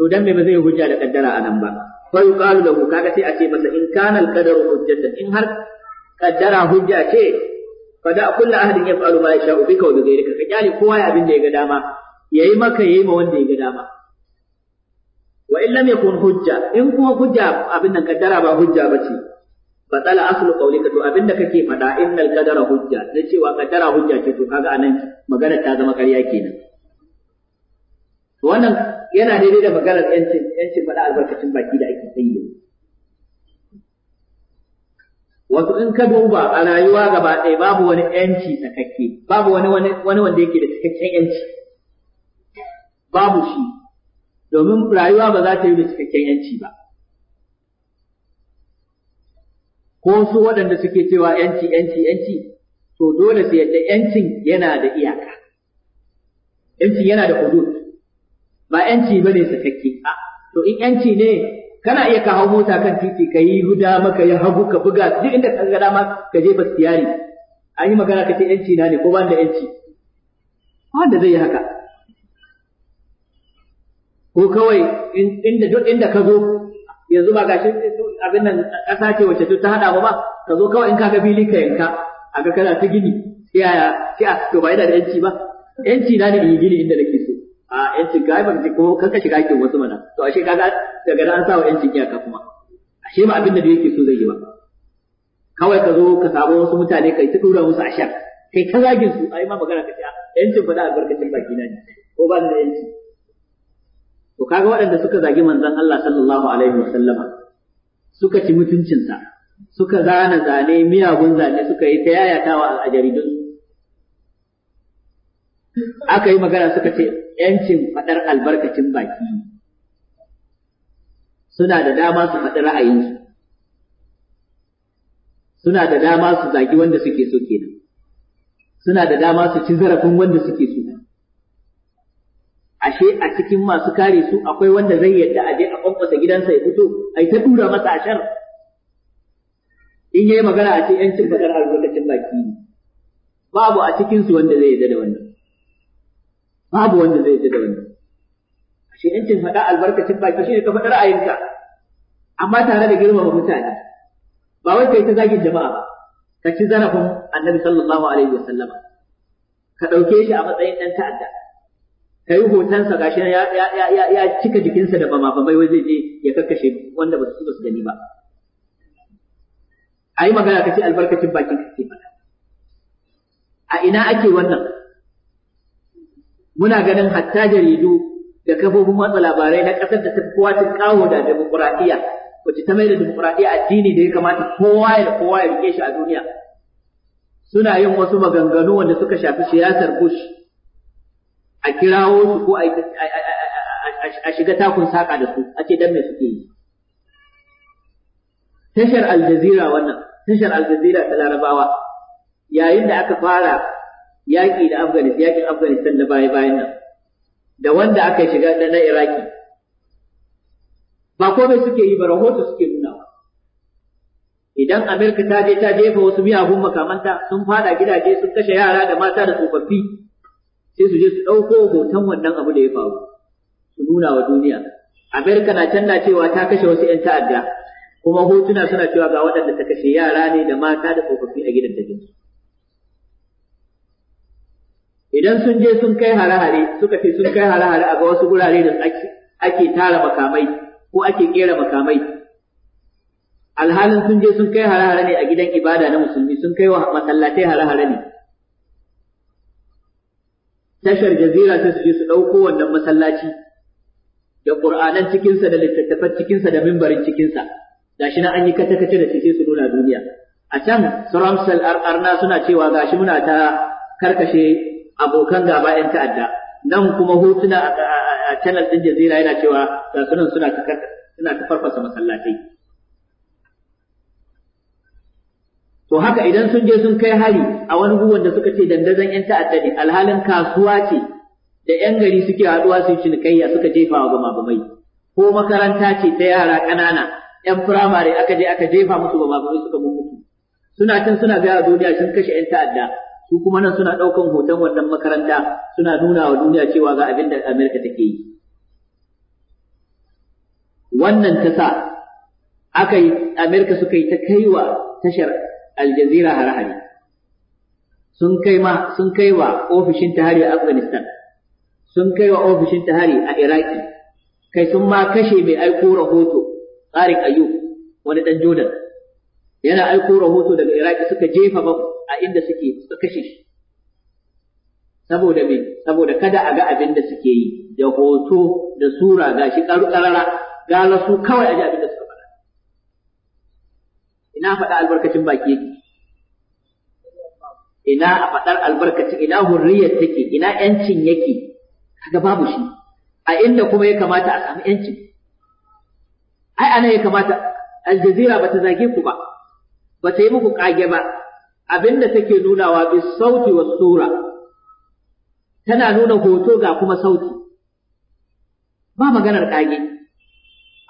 to dan me ba zai hujja da kaddara a nan ba fa yuqalu lahu kaga sai a ce masa in kana al-qadaru hujjatan in har kaddara hujja ce fa da kullu ahadin fa'alu ma yasha'u bika wa bi ghayrika ka kyale kowa ya abin da ya ga dama yayi maka yayi ma wanda ya ga dama wa in yakun hujja in kuma hujja abin nan kaddara ba hujja bace batala aslu qawlika to da kake fada innal qadara hujja na cewa kaddara hujja ce to kaga anan magana ta zama ƙarya kenan to wannan yana daidai da maganar yancin yancin fada albarkacin baki da ake tsayi wato in ka duba a rayuwa gaba ɗaya babu wani yanci sakakke babu wani wani wanda yake da cikakken yanci babu shi domin rayuwa ba za ta yi da cikakken yanci ba ko su waɗanda suke cewa yanci yanci yanci to dole su yadda yancin yana da iyaka yancin yana da hudud ba yanci bane sakakke a to in yanci ne kana iya ka hau mota kan titi ka yi huda maka ya hagu ka buga duk inda ka ga dama ka jefa siyari an yi magana ka ce yanci na ne ko ban da yanci wanda zai yi haka ko kawai inda duk inda ka zo yanzu ba gashi abin nan ƙasa ce wacce duk ta haɗa ba ba ka zo kawai in ka ga fili ka yanka a ga kana ta gini yaya a a to ba yana da yanci ba yanci na ne gini inda nake so a yanci ga ba ko kuma kan ka shiga ake wasu mana to ashe kaga daga nan an sa wa yancin iyaka kuma ashe ba abin da yake so zai yi ba kawai ka zo ka samu wasu mutane kai ta dora musu sha kai ka zagin su ai ma magana ka ce yancin da albarkacin baki na ne ko ba da yanci to kaga waɗanda suka zagi manzon Allah sallallahu alaihi wasallama suka ci mutuncinsa suka zana zane miyagun zane suka yi ta yayatawa a jaridun aka yi magana suka ce yancin faɗar albarkacin baki suna da dama su faɗi ra'ayinsu suna da dama su zagi wanda suke so kenan suna da dama su ci zarafin wanda suke ashe a cikin masu kare su akwai wanda zai yadda aje a kwankwasa gidansa ya fito ai ta dura masa shar in yayi magana a ce yan cin bakar albarkacin baki ne babu a cikin su wanda zai yadda da wannan babu wanda zai yadda da wannan ashe yan cin faɗa albarkacin baki shine ka faɗa ra'ayinka amma tare da girmama mutane ba wai kai ta zagin jama'a ba ka ci zarafin annabi sallallahu alaihi wasallama ka ɗauke shi a matsayin ɗan ta'adda Ta yi hotonsa gashi ya, ya, ya, ya, cika jikinsa da bama bamai wai je ya kakkashe wanda ba su su gani ba a magana ka ce albarkacin bakin kake ke a ina ake wannan muna ganin hatta jaridu da kafofin watsa labarai na ƙasar da ta kowa ta kawo da demokuraɗiyya wacce ta mai da demokuraɗiyya addini da ya kamata kowa ya kowa ya rike shi a duniya suna yin wasu maganganu wanda suka shafi siyasar Bush a kirawo su ko a shiga takun saƙa da su a ce dan me suke yi tashar aljazira wannan tashar aljazira ta larabawa yayin da aka fara yaƙi da Afganistan, yaƙin Afganistan da baya bayan nan da wanda aka shiga da na iraki ba komai suke yi ba rahoto suke nuna idan amerika ta je ta jefa wasu miyagun makamanta sun fada gidaje sun kashe yara da mata da tsofaffi sai su je su ɗauko hoton wannan abu da ya faru su nuna wa duniya amerika na can na cewa ta kashe wasu 'yan ta'adda kuma hotuna suna cewa ga waɗanda ta kashe yara ne da mata da tsofaffi a gidan dajinsu idan sun je sun kai hare-hare suka ce sun kai hare-hare a ga wasu gurare da ake tara makamai ko ake kera makamai alhalin sun je sun kai hare-hare ne a gidan ibada na musulmi sun kai wa masallatai hare-hare ne tashar jazira ta su je su ɗauko wannan masallaci da ƙur'anan cikinsa da littattafan cikinsa da mimbarin cikinsa gashi na an yi kace-kace da cikin su nuna duniya a can suramsal arna suna cewa gashi muna ta karkashe abokan gaba 'yan ta'adda nan kuma hotuna a channel din jazira yana cewa ga sunan suna ta farfasa masallatai to haka idan sun je sun kai hari a wani gugun da suka ce dandazon yan ta'adda ne alhalin kasuwa ce da yan gari suke haɗuwa su yi cinikayya suka jefa wa gumagumai ko makaranta ce ta yara ƙanana yan firamare aka je aka jefa musu gumagumai suka mutu suna can suna gaya duniya sun kashe yan ta'adda su kuma nan suna ɗaukan hoton wannan makaranta suna nuna wa duniya cewa ga abin da Amerika take yi. Wannan ta sa aka yi Amerika suka yi ta kaiwa tashar Aljazeera hare-hare sun kai ma sun kai wa ofishin tahari a Afghanistan sun kai wa ofishin tahari a Iraki kai sun ma kashe mai aiko rahoto Tsarin Ayub wani dan Jordan yana aiko rahoto daga Iraki suka jefa ba a inda suke suka kashe shi saboda me saboda kada a ga abin da suke yi da hoto da sura gashi karu karara gala su kawai a ji abin da suka ina faɗa albarkacin baki yake ina a faɗar albarkacin ina hurriyar take ina yancin yake kaga babu shi a inda kuma ya kamata a samu yancin ai ana ya kamata aljazira ba ta zage ku ba ba ta yi muku kage ba abinda take nunawa bi sauti wa sura tana nuna hoto ga kuma sauti ba maganar kage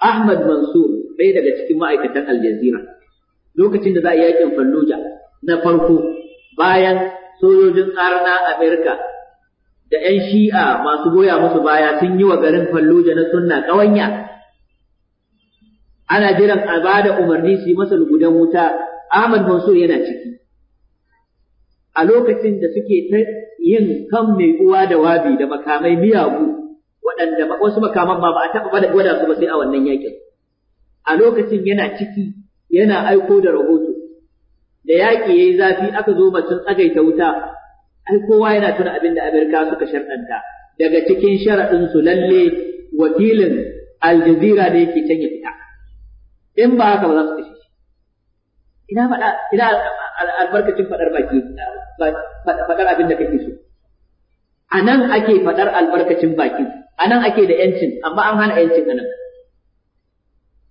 Ahmad Mansur ɗaya daga cikin ma'aikatan Aljazira lokacin da za a yi yakin falluja na farko bayan sojojin arna Amerika da 'yan shi'a masu goya musu baya sun yi wa garin falluja na sunna ƙawanya ana jiran a ba da umarni su yi masa lugudan wuta Ahmad Mansur yana ciki a lokacin da suke ta yin kan mai uwa da wabi da makamai miyagu waɗanda wasu makaman ma ba a taɓa gwada su ba sai a wannan yakin a lokacin yana ciki yana aiko da rahoto da yaƙi yayi zafi aka zo batun tsagaita wuta ai kowa yana tuna abin da Amerika suka sharɗanta daga cikin sharaɗinsu su lalle wakilin Aljazeera da yake can ya fita in ba haka ba za su kashe shi ina faɗa ina albarkacin faɗar baki faɗar abin da kake so a nan ake faɗar albarkacin baki a nan ake da ‘yancin, amma an hana ‘yancin a nan.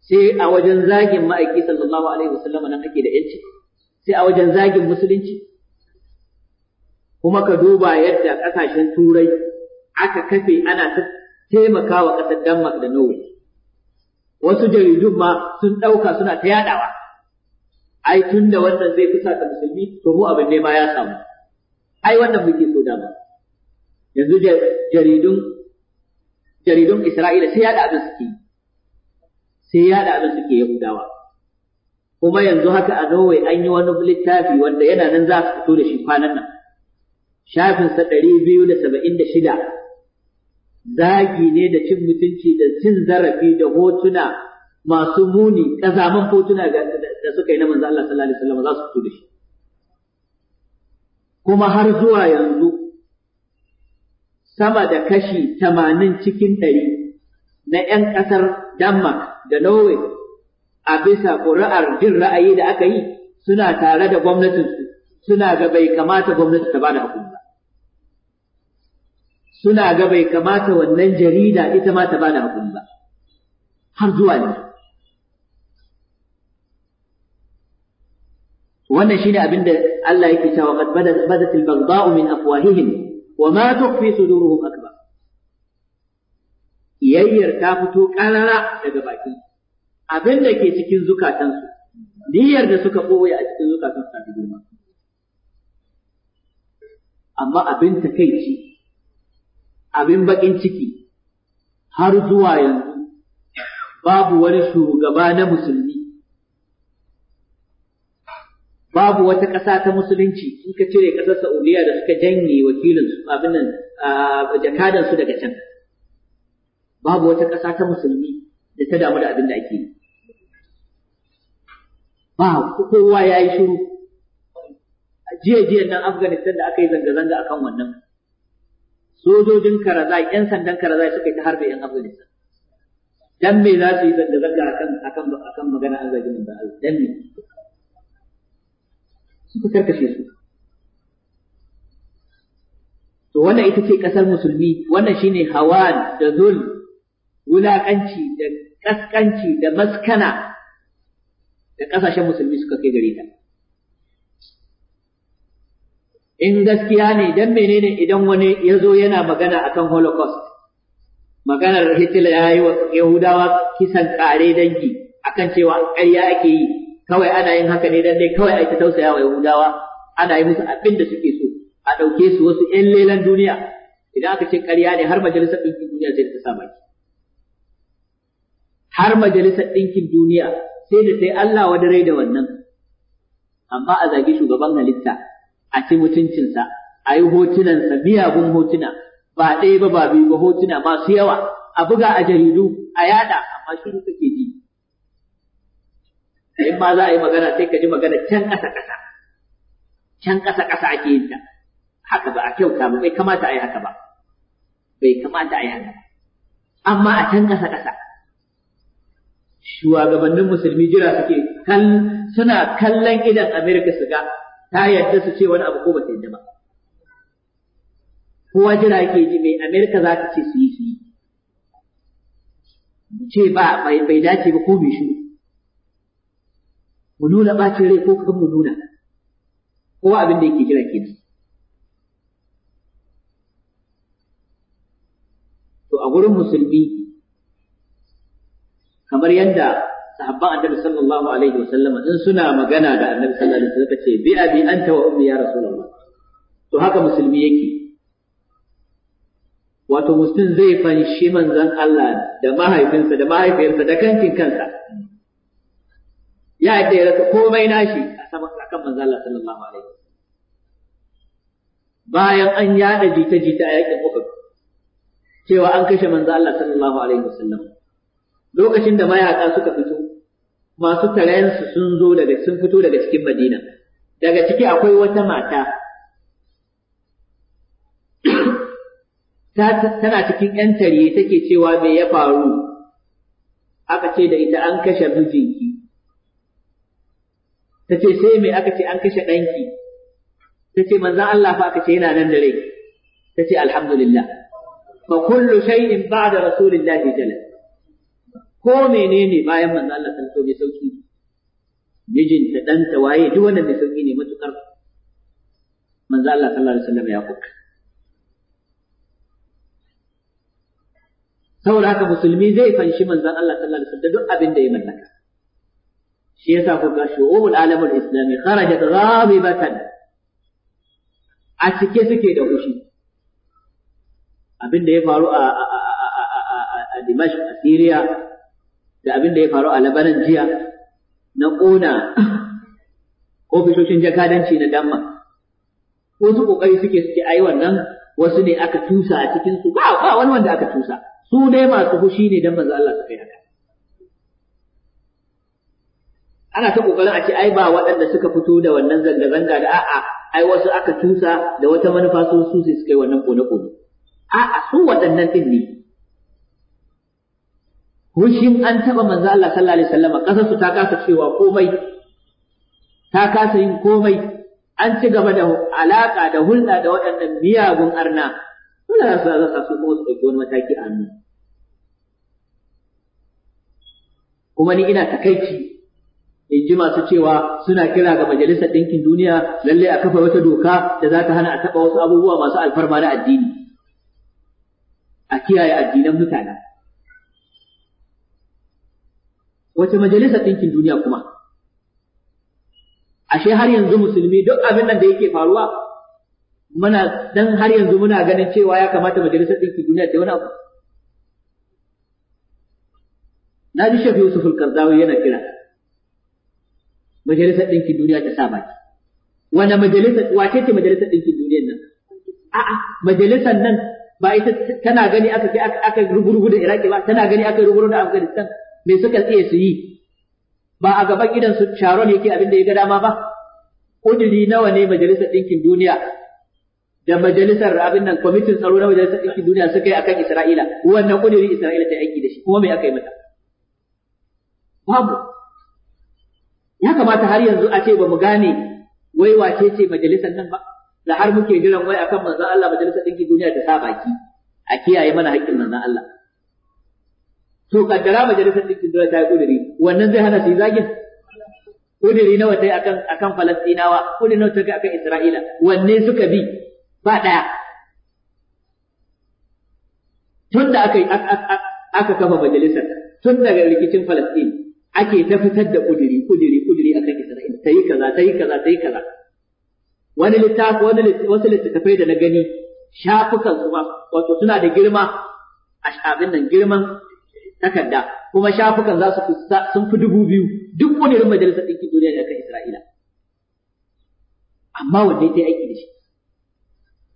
sai a wajen zagin ma'aiki sallallahu alaihi wasallam nan ake da yanci sai a wajen zagin musulunci kuma ka duba yadda kasashen turai aka kafe ana taimakawa kasar Denmark da Norway wasu jaridun ma sun ɗauka suna ta yaɗawa ai tun da wannan zai kusa ta musulmi to mu abin ne ma ya samu ai wannan muke so da ba yanzu jaridun jaridun Isra'ila sai yaɗa abin suke sai yaɗa abin suke yahudawa kuma yanzu haka a norway an yi wani littafi wanda yana nan za su fito da shi kwanan nan shafinsa ɗari biyu da saba'in da shida zagi ne da cin mutunci da cin zarafi da hotuna masu muni ƙazaman hotuna da suka yi na manzo Allah sallallahu alaihi wasallam za su fito da shi kuma har zuwa yanzu sama da kashi tamanin cikin 100 na 'yan ƙasar Denmark da Norway a bisa ƙuri'ar jin ra'ayi da aka yi suna tare da gwamnatinsu suna ga bai kamata gwamnati ta bada hukumi ba suna ga bai kamata wannan jarida ita ma ta bada hukumi ba har zuwa yanzu wannan shine abin da Allah yake cewa qad badatil baghdha'u min afwahihim wa ma tukhfi suduruhum akbar Biyayyar ta fito ƙarara daga baki, abin da ke cikin zukatansu niyyar da suka ɓoye a cikin zukatansu ta fi girma amma abin takaici abin baƙin ciki har zuwa yanzu babu wani shugaba na musulmi babu wata ƙasa ta musulunci in ka cire ƙasar Saudiya da suka janye wakilin abin nan ah, jakadan daga can babu wata ƙasa ta musulmi da ta damu da abin da ake yi ba kowa ya yi shiru jiya jiya nan afghanistan da aka yi zanga-zanga a kan wannan sojojin karazai yan sandan karazai suka yi ta harbe yan afghanistan dan me za su yi zanga-zanga a akan akan magana an zagi mun da Allah dan me suka karkashe su to wannan ita ce kasar musulmi wannan shine hawan da zul wulaƙanci da ƙasƙanci da maskana da ƙasashen musulmi suka kai gare ta. In gaskiya ne don menene idan wani ya zo yana magana akan Holocaust, maganar Hitler ya yi wa Yahudawa kisan ƙare dangi akan cewa ƙarya ake yi, kawai ana yin haka ne don dai kawai a tausaya wa Yahudawa, ana yi musu abin da suke so, a ɗauke su wasu ‘yan lelan duniya, idan aka ce ƙarya ne har majalisar ɗinkin duniya zai ta sa har majalisar ɗinkin duniya sai da sai Allah wadarai da wannan amma a zagi shugaban halitta a ci mutuncinsa a yi hotunansa miyagun hotuna ba ɗaya ba ba biyu ba hotuna masu yawa a buga a jaridu a yada amma shiru ke ji in ma za a yi magana sai ka ji magana can ƙasa ƙasa can ƙasa ƙasa ake yin ta haka ba a kyauta ba bai kamata a yi haka ba bai kamata a yi haka ba amma a can ƙasa ƙasa shugabannin musulmi jira suke kan suna kallon idan Amerika su ga ta yadda su ce wani abu ko ba ta yadda ba kowa jira ke ji mai Amerika za ta ce su yi su yi mu ce ba bai dace ba ko bai shi mu nuna ɓacin rai ko kan mu nuna kowa abin da yake jira kenan to a gurin musulmi kamar yadda sahabban annabi sallallahu alaihi wasallam in suna magana da annabi sallallahu alaihi wasallam ce bi abi anta wa ummi ya rasulullah to haka musulmi yake wato musulmin zai fanshi manzon Allah da mahaifinsa da mahaifiyarsa da kankin kansa ya yadda ya rasa komai nashi a saman akan manzon Allah sallallahu alaihi wasallam bayan an yada jita-jita a yakin Uhud cewa an kashe manzo Allah sallallahu alaihi sallam. lokacin da mayaka suka fito masu tarayensu sun zo daga sun fito daga cikin madina daga ciki akwai wata mata tana cikin ‘yan tare take cewa me ya faru aka ce da ita an kashe mijinki ta ce sai me aka ce an kashe ɗanki ta ce manzan Allah fa aka ce yana nan da rai ta ce alhamdulillah fa kullu shay'in ba'da rasulillahi jalal ko menene bayan manzo Allah sallallahu alaihi wasallam sauki mijinta ɗanta waye duk wannan mai sauki ne matukar manzo Allah sallallahu alaihi wasallam ya kuka saboda haka musulmi zai fanshi manzon Allah sallallahu alaihi wasallam duk abin da ya mallaka shi yasa ku ga shu'ubul alamul islami kharajat ghabibatan a cike suke da fushi abin da ya faru a a a a a a a a da abin da ya faru a labaran jiya na ƙona ofisoshin jakadanci na damma wasu ƙoƙari suke suke ai wannan wasu ne aka tusa a cikin su ba ba wani wanda aka tusa su dai masu fushi ne dan manzo Allah su kai haka ana ta kokarin a ce ai ba waɗanda suka fito da wannan zanga zanga da a'a ai wasu aka tusa da wata manufa su su sai suka yi wannan kone kone a'a su waɗannan din ne fushin an taɓa manzo Allah sallallahu alaihi wasallam su ta kasa cewa komai ta kasa yin komai an ci gaba da alaƙa da hulɗa da waɗannan miyagun arna dole da su zaka su kuma su ɗauki wani mataki a hannu kuma ni ina takaici in ji masu cewa suna kira ga majalisar ɗinkin duniya lallai a kafa wata doka da za ta hana a taɓa wasu abubuwa masu alfarma na addini a kiyaye addinan mutane wace majalisar ɗinkin duniya kuma ashe har yanzu musulmi duk abin nan da yake faruwa muna dan har yanzu muna ganin cewa ya kamata majalisar ɗinkin duniya ta wani abu na ji shafi Yusuf al-Kardawi yana kira majalisar ɗinkin duniya ta sa ki. wanda Majalisa, wace ce majalisar ɗinkin duniya nan a'a majalisar nan ba ita tana gani aka kai aka rugurugu da Iraki ba tana gani aka rugurgu da Afghanistan me suka tsaye su yi ba a gaban gidan su Sharon yake abin da ya ga dama ba kudiri nawa ne majalisar ɗinkin duniya da majalisar abin nan kwamitin tsaro na majalisar ɗinkin duniya suka yi akan Isra'ila wannan kudiri Isra'ila ta aiki da shi kuma me aka yi mata babu ya kamata har yanzu a ce ba mu gane wai wace ce majalisar nan ba da har muke jiran wai akan manzon Allah majalisar ɗinkin duniya ta sa baki a kiyaye mana haƙƙin manzon Allah to kaddara majalisar dinkin dole ta yi kuduri wannan zai hana su yi zagin kuduri nawa ta yi akan akan falastinawa kuduri nawa ta yi akan isra'ila wanne suka bi ba ɗaya tun da aka aka kafa majalisar tun daga rikicin falastin ake ta fitar da kuduri kuduri kuduri akan isra'ila ta yi kaza ta yi kaza ta yi kaza wani littafi wani wasu littattafai da na gani shafukan su ma wato suna da girma a abin nan girman takarda kuma shafukan za su sun fi dubu biyu duk wani irin majalisar ɗinkin duniya da kan Isra'ila amma wanda ya aiki da shi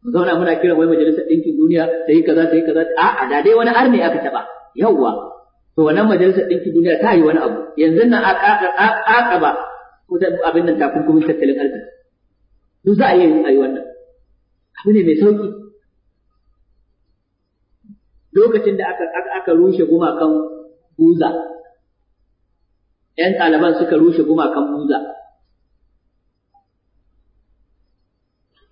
mu zauna muna kiran wai majalisar ɗinkin duniya ta yi kaza ta yi kaza a'a da dai wani arne aka taɓa yawwa to wannan majalisar ɗinkin duniya ta yi wani abu yanzu nan a ba ko abin nan takunkumin tattalin arziki duk za a yi wannan abu ne mai sauƙi. lokacin da aka aka rushe gumakan buza ‘yan ɗaliban suka rushe gumakan buza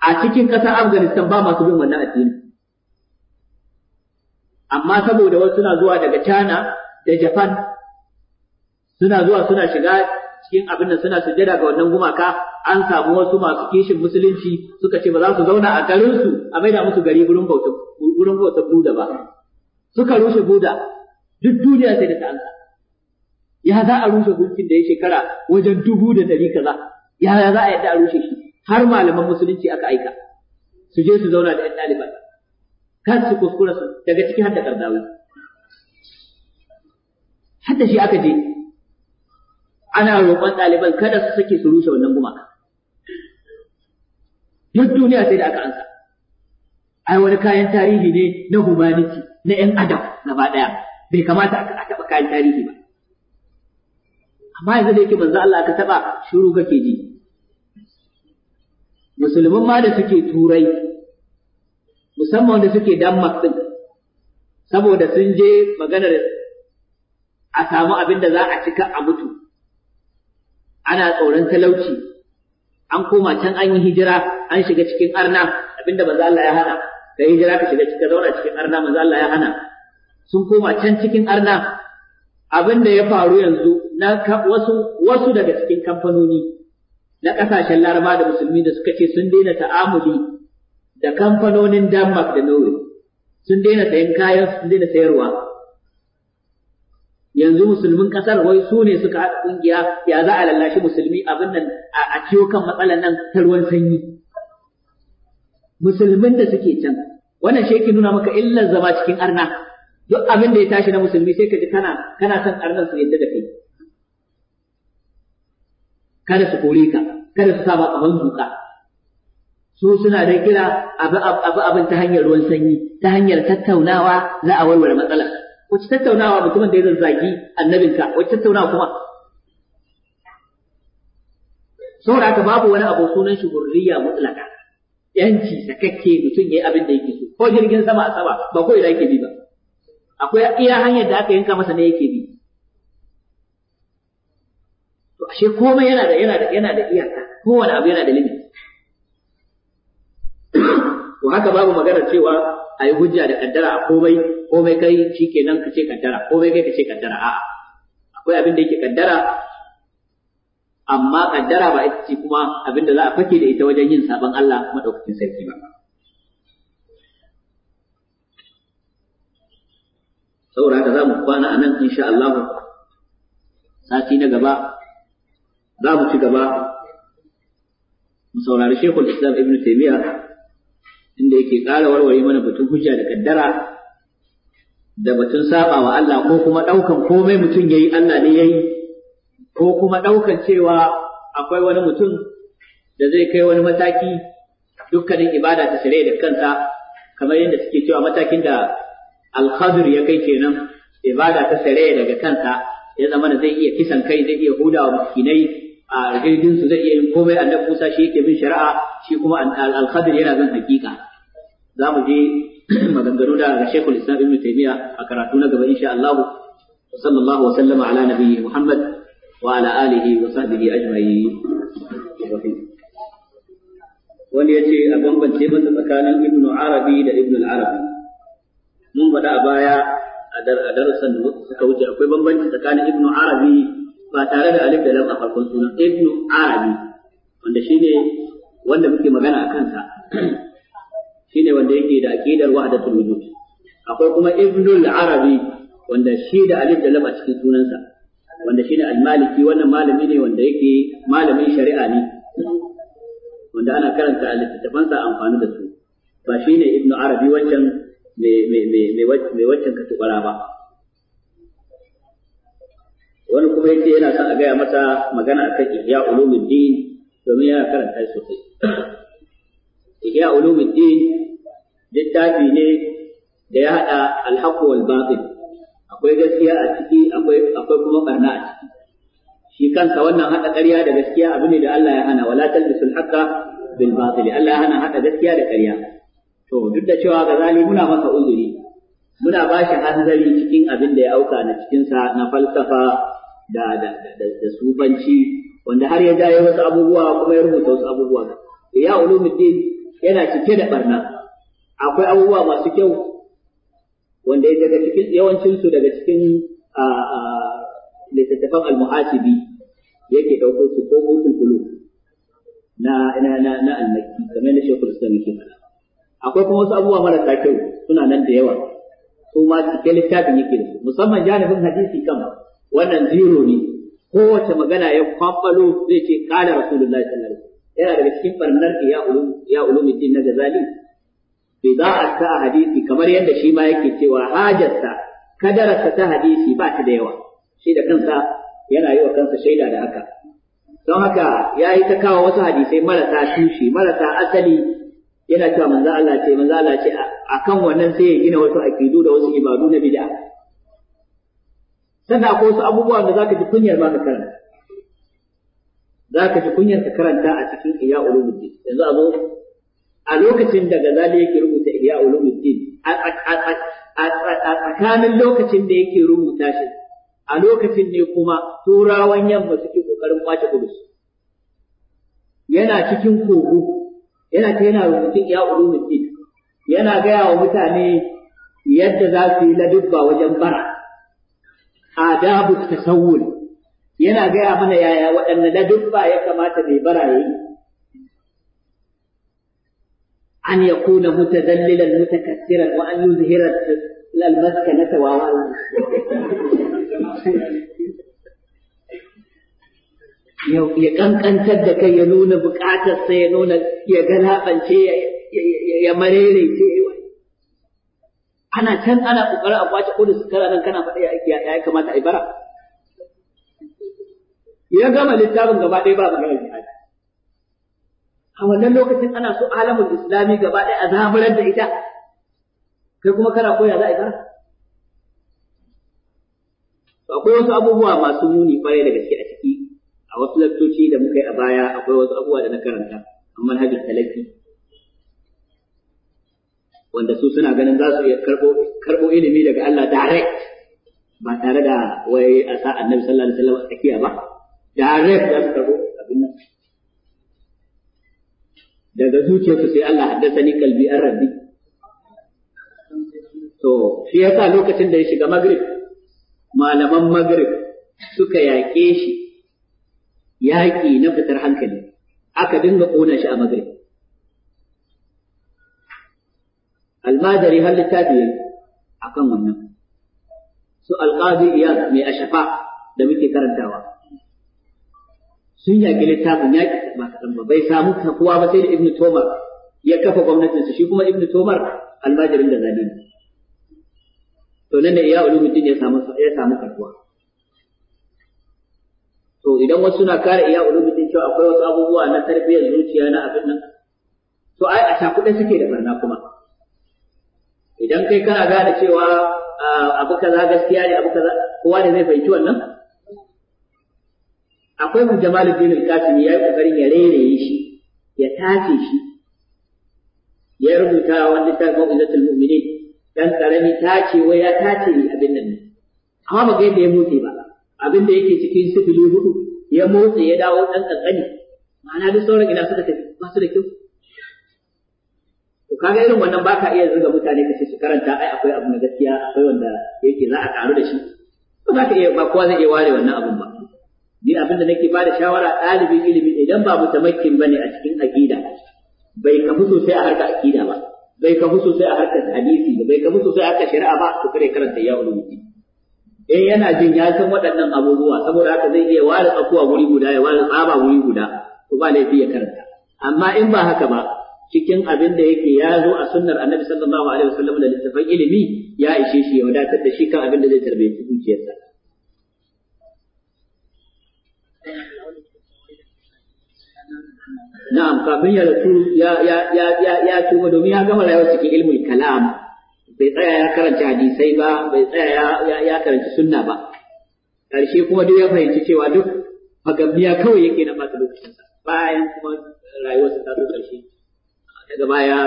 a cikin ƙasar afghanistan ba masu bin wannan addini amma saboda wasu suna zuwa daga china da japan suna zuwa suna shiga cikin abin da suna sujada ga wannan gumaka an samu wasu masu kishin musulunci suka ce ba za su zauna a garinsu a maida musu gari gurin bautar buda ba suka rushe buda duk duniya sai da ta Allah ya za a rushe gunkin da ya shekara wajen dubu da dari kaza ya za a yadda a rushe shi har malaman musulunci aka aika su je su zauna da ‘yan ɗaliban kar su kuskura su daga ciki har da kardawi har da shi aka je ana roƙon ɗaliban kada su sake su rushe wannan gumaka duk duniya sai da aka ansa ai wani kayan tarihi ne na humanity na ‘yan adam gaba ɗaya bai kamata a taɓa kayan tarihi ba amma yanzu da yake manzo Allah ka taɓa shiru kake ji musulmin ma da suke turai musamman da suke dan din saboda sun je maganar a samu abin da za a cika a mutu ana tsoron talauci an koma can an yi hijira an shiga cikin arna abinda manzo Allah ya hana kai hijira ka shiga cikin zauna cikin arna manzo Allah ya hana sun koma can cikin arna abin da ya faru yanzu na wasu wasu daga cikin kamfanoni na kasashen laraba da musulmi da suka ce sun daina ta'amuli da kamfanonin Denmark da Norway sun daina sayan kayan sun daina sayarwa yanzu musulmin kasar wai su ne suka haɗa ƙungiya ya za a lallashi musulmi abin nan a ciwo kan matsalan nan ta ruwan sanyi musulmin da suke can wannan shi yake nuna maka illar zama cikin arna duk abin da ya tashi na musulmi sai ka ji kana kana son arnan su yadda da kai kada su kore ka kada su saba kaman duka su suna da kira abu abin ta hanyar ruwan sanyi ta hanyar tattaunawa za a warware matsala wacce tattaunawa mutumin da ya zazzagi annabinka wacce tattaunawa kuma saboda haka babu wani abu sunan shi gurriya mutlaka yanci sakakke mutum ya yi abin da yake so ko jirgin sama a sama ba ko ina yake bi ba akwai iya hanyar da aka yanka masa ne yake bi to ashe komai yana da yana da yana da iyaka kowane abu yana da limit to haka babu maganar cewa a yi hujja da kaddara a komai komai kai shikenan ka ce kaddara komai kai ka ce kaddara a'a akwai abin da yake kaddara amma kaddara ba ita ce kuma abin da za a fake da ita wajen yin sabon Allah madaukakin sarki ba saboda haka za mu kwana a nan insha Allah sati na gaba za mu ci gaba mu saurari Islam Ibn Taymiyyah inda yake ƙara warware mana batun hujja da kaddara da batun saba wa Allah ko kuma ɗaukan komai mutum yayi Allah ne yayi ko kuma ɗaukan cewa akwai wani mutum da zai kai wani mataki dukkanin ibada ta shirya da kanta kamar yadda suke cewa matakin da alkhadir ya kai kenan ibada ta shirya daga kanta ya zama da zai iya kisan kai zai iya hudawa makinai a jirgin su zai iya yin komai annabi Musa shi yake bin shari'a shi kuma alkhadir yana zan hakika za mu je maganganu da Sheikhul Islam Ibn Taymiyyah a karatu na gaba insha Allah sallallahu wa sallama ala nabiyyi Muhammad وعلى آله وصحبه أجمعين wani ya ce a bambance masa tsakanin ibn arabi da ibn arabi mun faɗa a baya a darasan da suka wuce akwai bambanci tsakanin ibn arabi ba tare da alif da lam a farkon suna ibn arabi wanda shine wanda muke magana a kansa shine wanda yake da aqidar wahdatul wujud akwai kuma ibn arabi wanda shi da alif da lam a cikin sunansa wanda shine al-maliki wannan malami ne wanda yake malamin shari'a ne wanda ana karanta littattafan sa amfani da su ba shine ibnu arabi wancan me mai mai mai wancan katubara ba wani kuma yace yana son a gaya masa magana akan ihya din domin yana karanta sosai ihya din littafi ne da ya haɗa alhaku wal batil akwai gaskiya a ciki akwai akwai kuma barna a ciki shi kansa wannan hada ƙarya da gaskiya abu ne da Allah ya hana wala talbisul haqqa bil batil Allah ya hana hada gaskiya da ƙarya to duk da cewa gazali muna masa uzuri muna ba shi hanzari cikin abin da ya auka na cikinsa na falsafa da da da sufanci wanda har ya jaye wasu abubuwa kuma ya rubuta wasu abubuwa ya ulumuddin yana cike da barna akwai abubuwa masu kyau wanda ya daga cikin yawancin su daga cikin littattafan al-muhasibi yake dauko su ko mutum kulu na na na na annaki kamar da shekul islam yake fada akwai kuma wasu abubuwa marasa kyau suna nan da yawa su ma cikin littafin yake da su musamman janibin hadisi kan wannan zero ne kowace magana ya kwakwalo zai ce kala rasulullahi sallallahu alaihi wasallam yana daga cikin farnar ya ulumi ya ulumuddin na gazali bida'atka a hadisi kamar yadda shi ma yake cewa hajarta kadararsa ta hadisi ba ta da yawa shi da kansa yana yi wa kansa shaida da haka don haka ya yi ta kawo wasu hadisai marasa tushe marasa asali yana cewa manzo Allah ce manzo Allah ce akan wannan sai ya gina wasu akidu da wasu ibadu na bid'a sannan akwai wasu abubuwan da zaka ji kunyar ma ka karanta zaka ji kunyar ka karanta a cikin iya ulumuddin yanzu a zo a lokacin da Gazali yake rubuta iya Ulumuddin a tsakanin lokacin da yake rubuta shi a lokacin ne kuma turawan yamma suke kokarin kwace kudus yana cikin kogo yana ta yana rubutun iya ulumuddin yana gaya wa mutane yadda za su yi ladubba wajen bara adabu tasawul yana gaya mana yaya waɗanne ladubba ya kamata mai bara ya yi. أن يكون متذللا متكسرا وأن يظهر المسكنة ووالا ya ƙanƙantar da kai ya nuna bukatarsa ya nuna ya galaɓance ya marere ce ana can ana kokarin a kwace ko da su kara nan kana faɗa ya ya kamata a yi bara ya gama littafin gaba ɗaya ba magana jihadi a wannan lokacin ana so alamun islami gaba ɗaya a zaburar da ita kai kuma kana koya za a yi akwai wasu abubuwa masu muni kwarai da gaske a ciki a wasu laktoci da muka yi a baya akwai wasu abubuwa da na karanta amma hajjin talafi wanda su suna ganin za su iya karɓo ilimi daga Allah direct ba tare da wai a sa annabi sallallahu alaihi wasallam a tsakiya ba direct za su karɓo abin nan daga zuciyarsu sai Allah haddasa ni kalbi an rabi. to shi ya sa lokacin da ya shiga magrib malaman magrib suka yaƙe shi yaƙi na fitar hankali aka dinga ƙona shi a magrib almadari har littafi a kan wannan su alƙazi iya mai a shafa da muke karantawa sun yaƙi littafin yaƙi ba kaɗan ba bai samu kowa ba sai da ibnu tomar ya kafa gwamnatinsa shi kuma ibnu tomar almajirin da zalim to nan da iya ulumuddin ya samu ya samu karbuwa to idan wasu suna kare iya ulumuddin cewa akwai wasu abubuwa na tarbiyyar zuciya na abin nan to ai a shakuɗe suke da barna kuma idan kai kana gane cewa ah, abu kaza gaskiya ne abu kaza kowa ne zai fahimci wannan akwai mu Jamalu, bin al-Qasim ya yi kokarin ya rere shi ya tace shi ya rubuta wanda ta mau'izatul mu'minin dan karami tace wai ya tace ni abin nan amma ba ga yadda ya motsi ba abin da yake cikin sifili hudu ya motsi ya dawo dan kankani ma'ana duk sauran ina suka tafi ba su da kyau to kaga irin wannan baka iya zuga mutane kace su karanta ai akwai abu na gaskiya akwai wanda yake za a karu da shi ba za ka iya ba kowa zai iya ware wannan abun ba ni abin da nake bada shawara ɗalibin ilimi idan ba mutamakkin bane a cikin aqida bai kafu sosai a harkar aqida ba bai kafu sosai a harkar hadisi ba bai kafu sosai a harkar shari'a ba to kare karanta ya ulumi eh yana jin ya san waɗannan abubuwa saboda haka zai iya ware tsakuwa wuri guda ya ware tsaba wuri guda to ba laifi ya karanta amma in ba haka ba cikin abin da yake ya zo a sunnar annabi sallallahu alaihi wasallam da littafin ilimi ya ishe shi ya wadatar da shi kan abin da zai tarbiyyar zuciyarsa na'am kafin ya rasu ya ya ya ya ya tuba domin ya gama rayuwar cikin ilmul kalam bai tsaya ya karanta hadisai ba bai tsaya ya ya karanta sunna ba karshe kuma duk ya fahimci cewa duk magabiya kawai yake na lokacin sa bayan kuma rayuwarsa ta zo karshe daga baya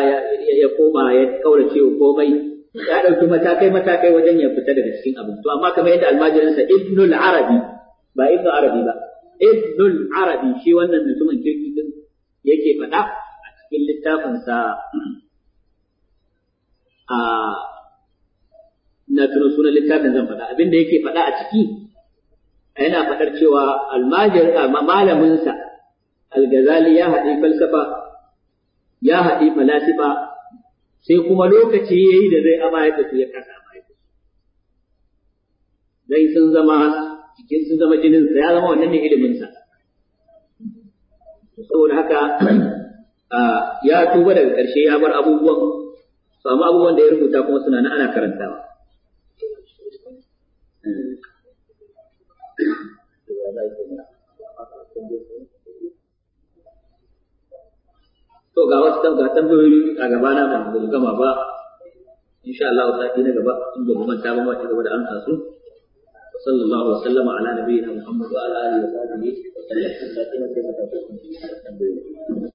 ya koma ya kaura cewa komai ya ɗauki matakai matakai wajen ya fita daga cikin abin to amma kamar yadda sa ibnul arabi ba ibnul arabi ba ibnul arabi shi wannan mutumin kirki yake faɗa a cikin littafinsa a na tuno sunan littafin zan faɗa da yake faɗa a ciki yana faɗar cewa almajir malaminsa al-Ghazali ya haɗi falsafa ya haɗi falasifa sai kuma lokaci ya yi da zai amayar da su ya kasa amayar da dai sun zama cikin sun zama jininsa ya zama wannan ne iliminsa saboda haka ah, ya tuba daga ƙarshe ya bar abubuwan samu abubuwan da ya rubuta kuma suna na ana karantawa to ga wasu ga tambayoyi a gaba na ba gama ba insha Allah sati na gaba in ba manta ba mu ci gaba da amsa su صلى الله وسلم على نبينا محمد وعلى اله وصحبه وسلم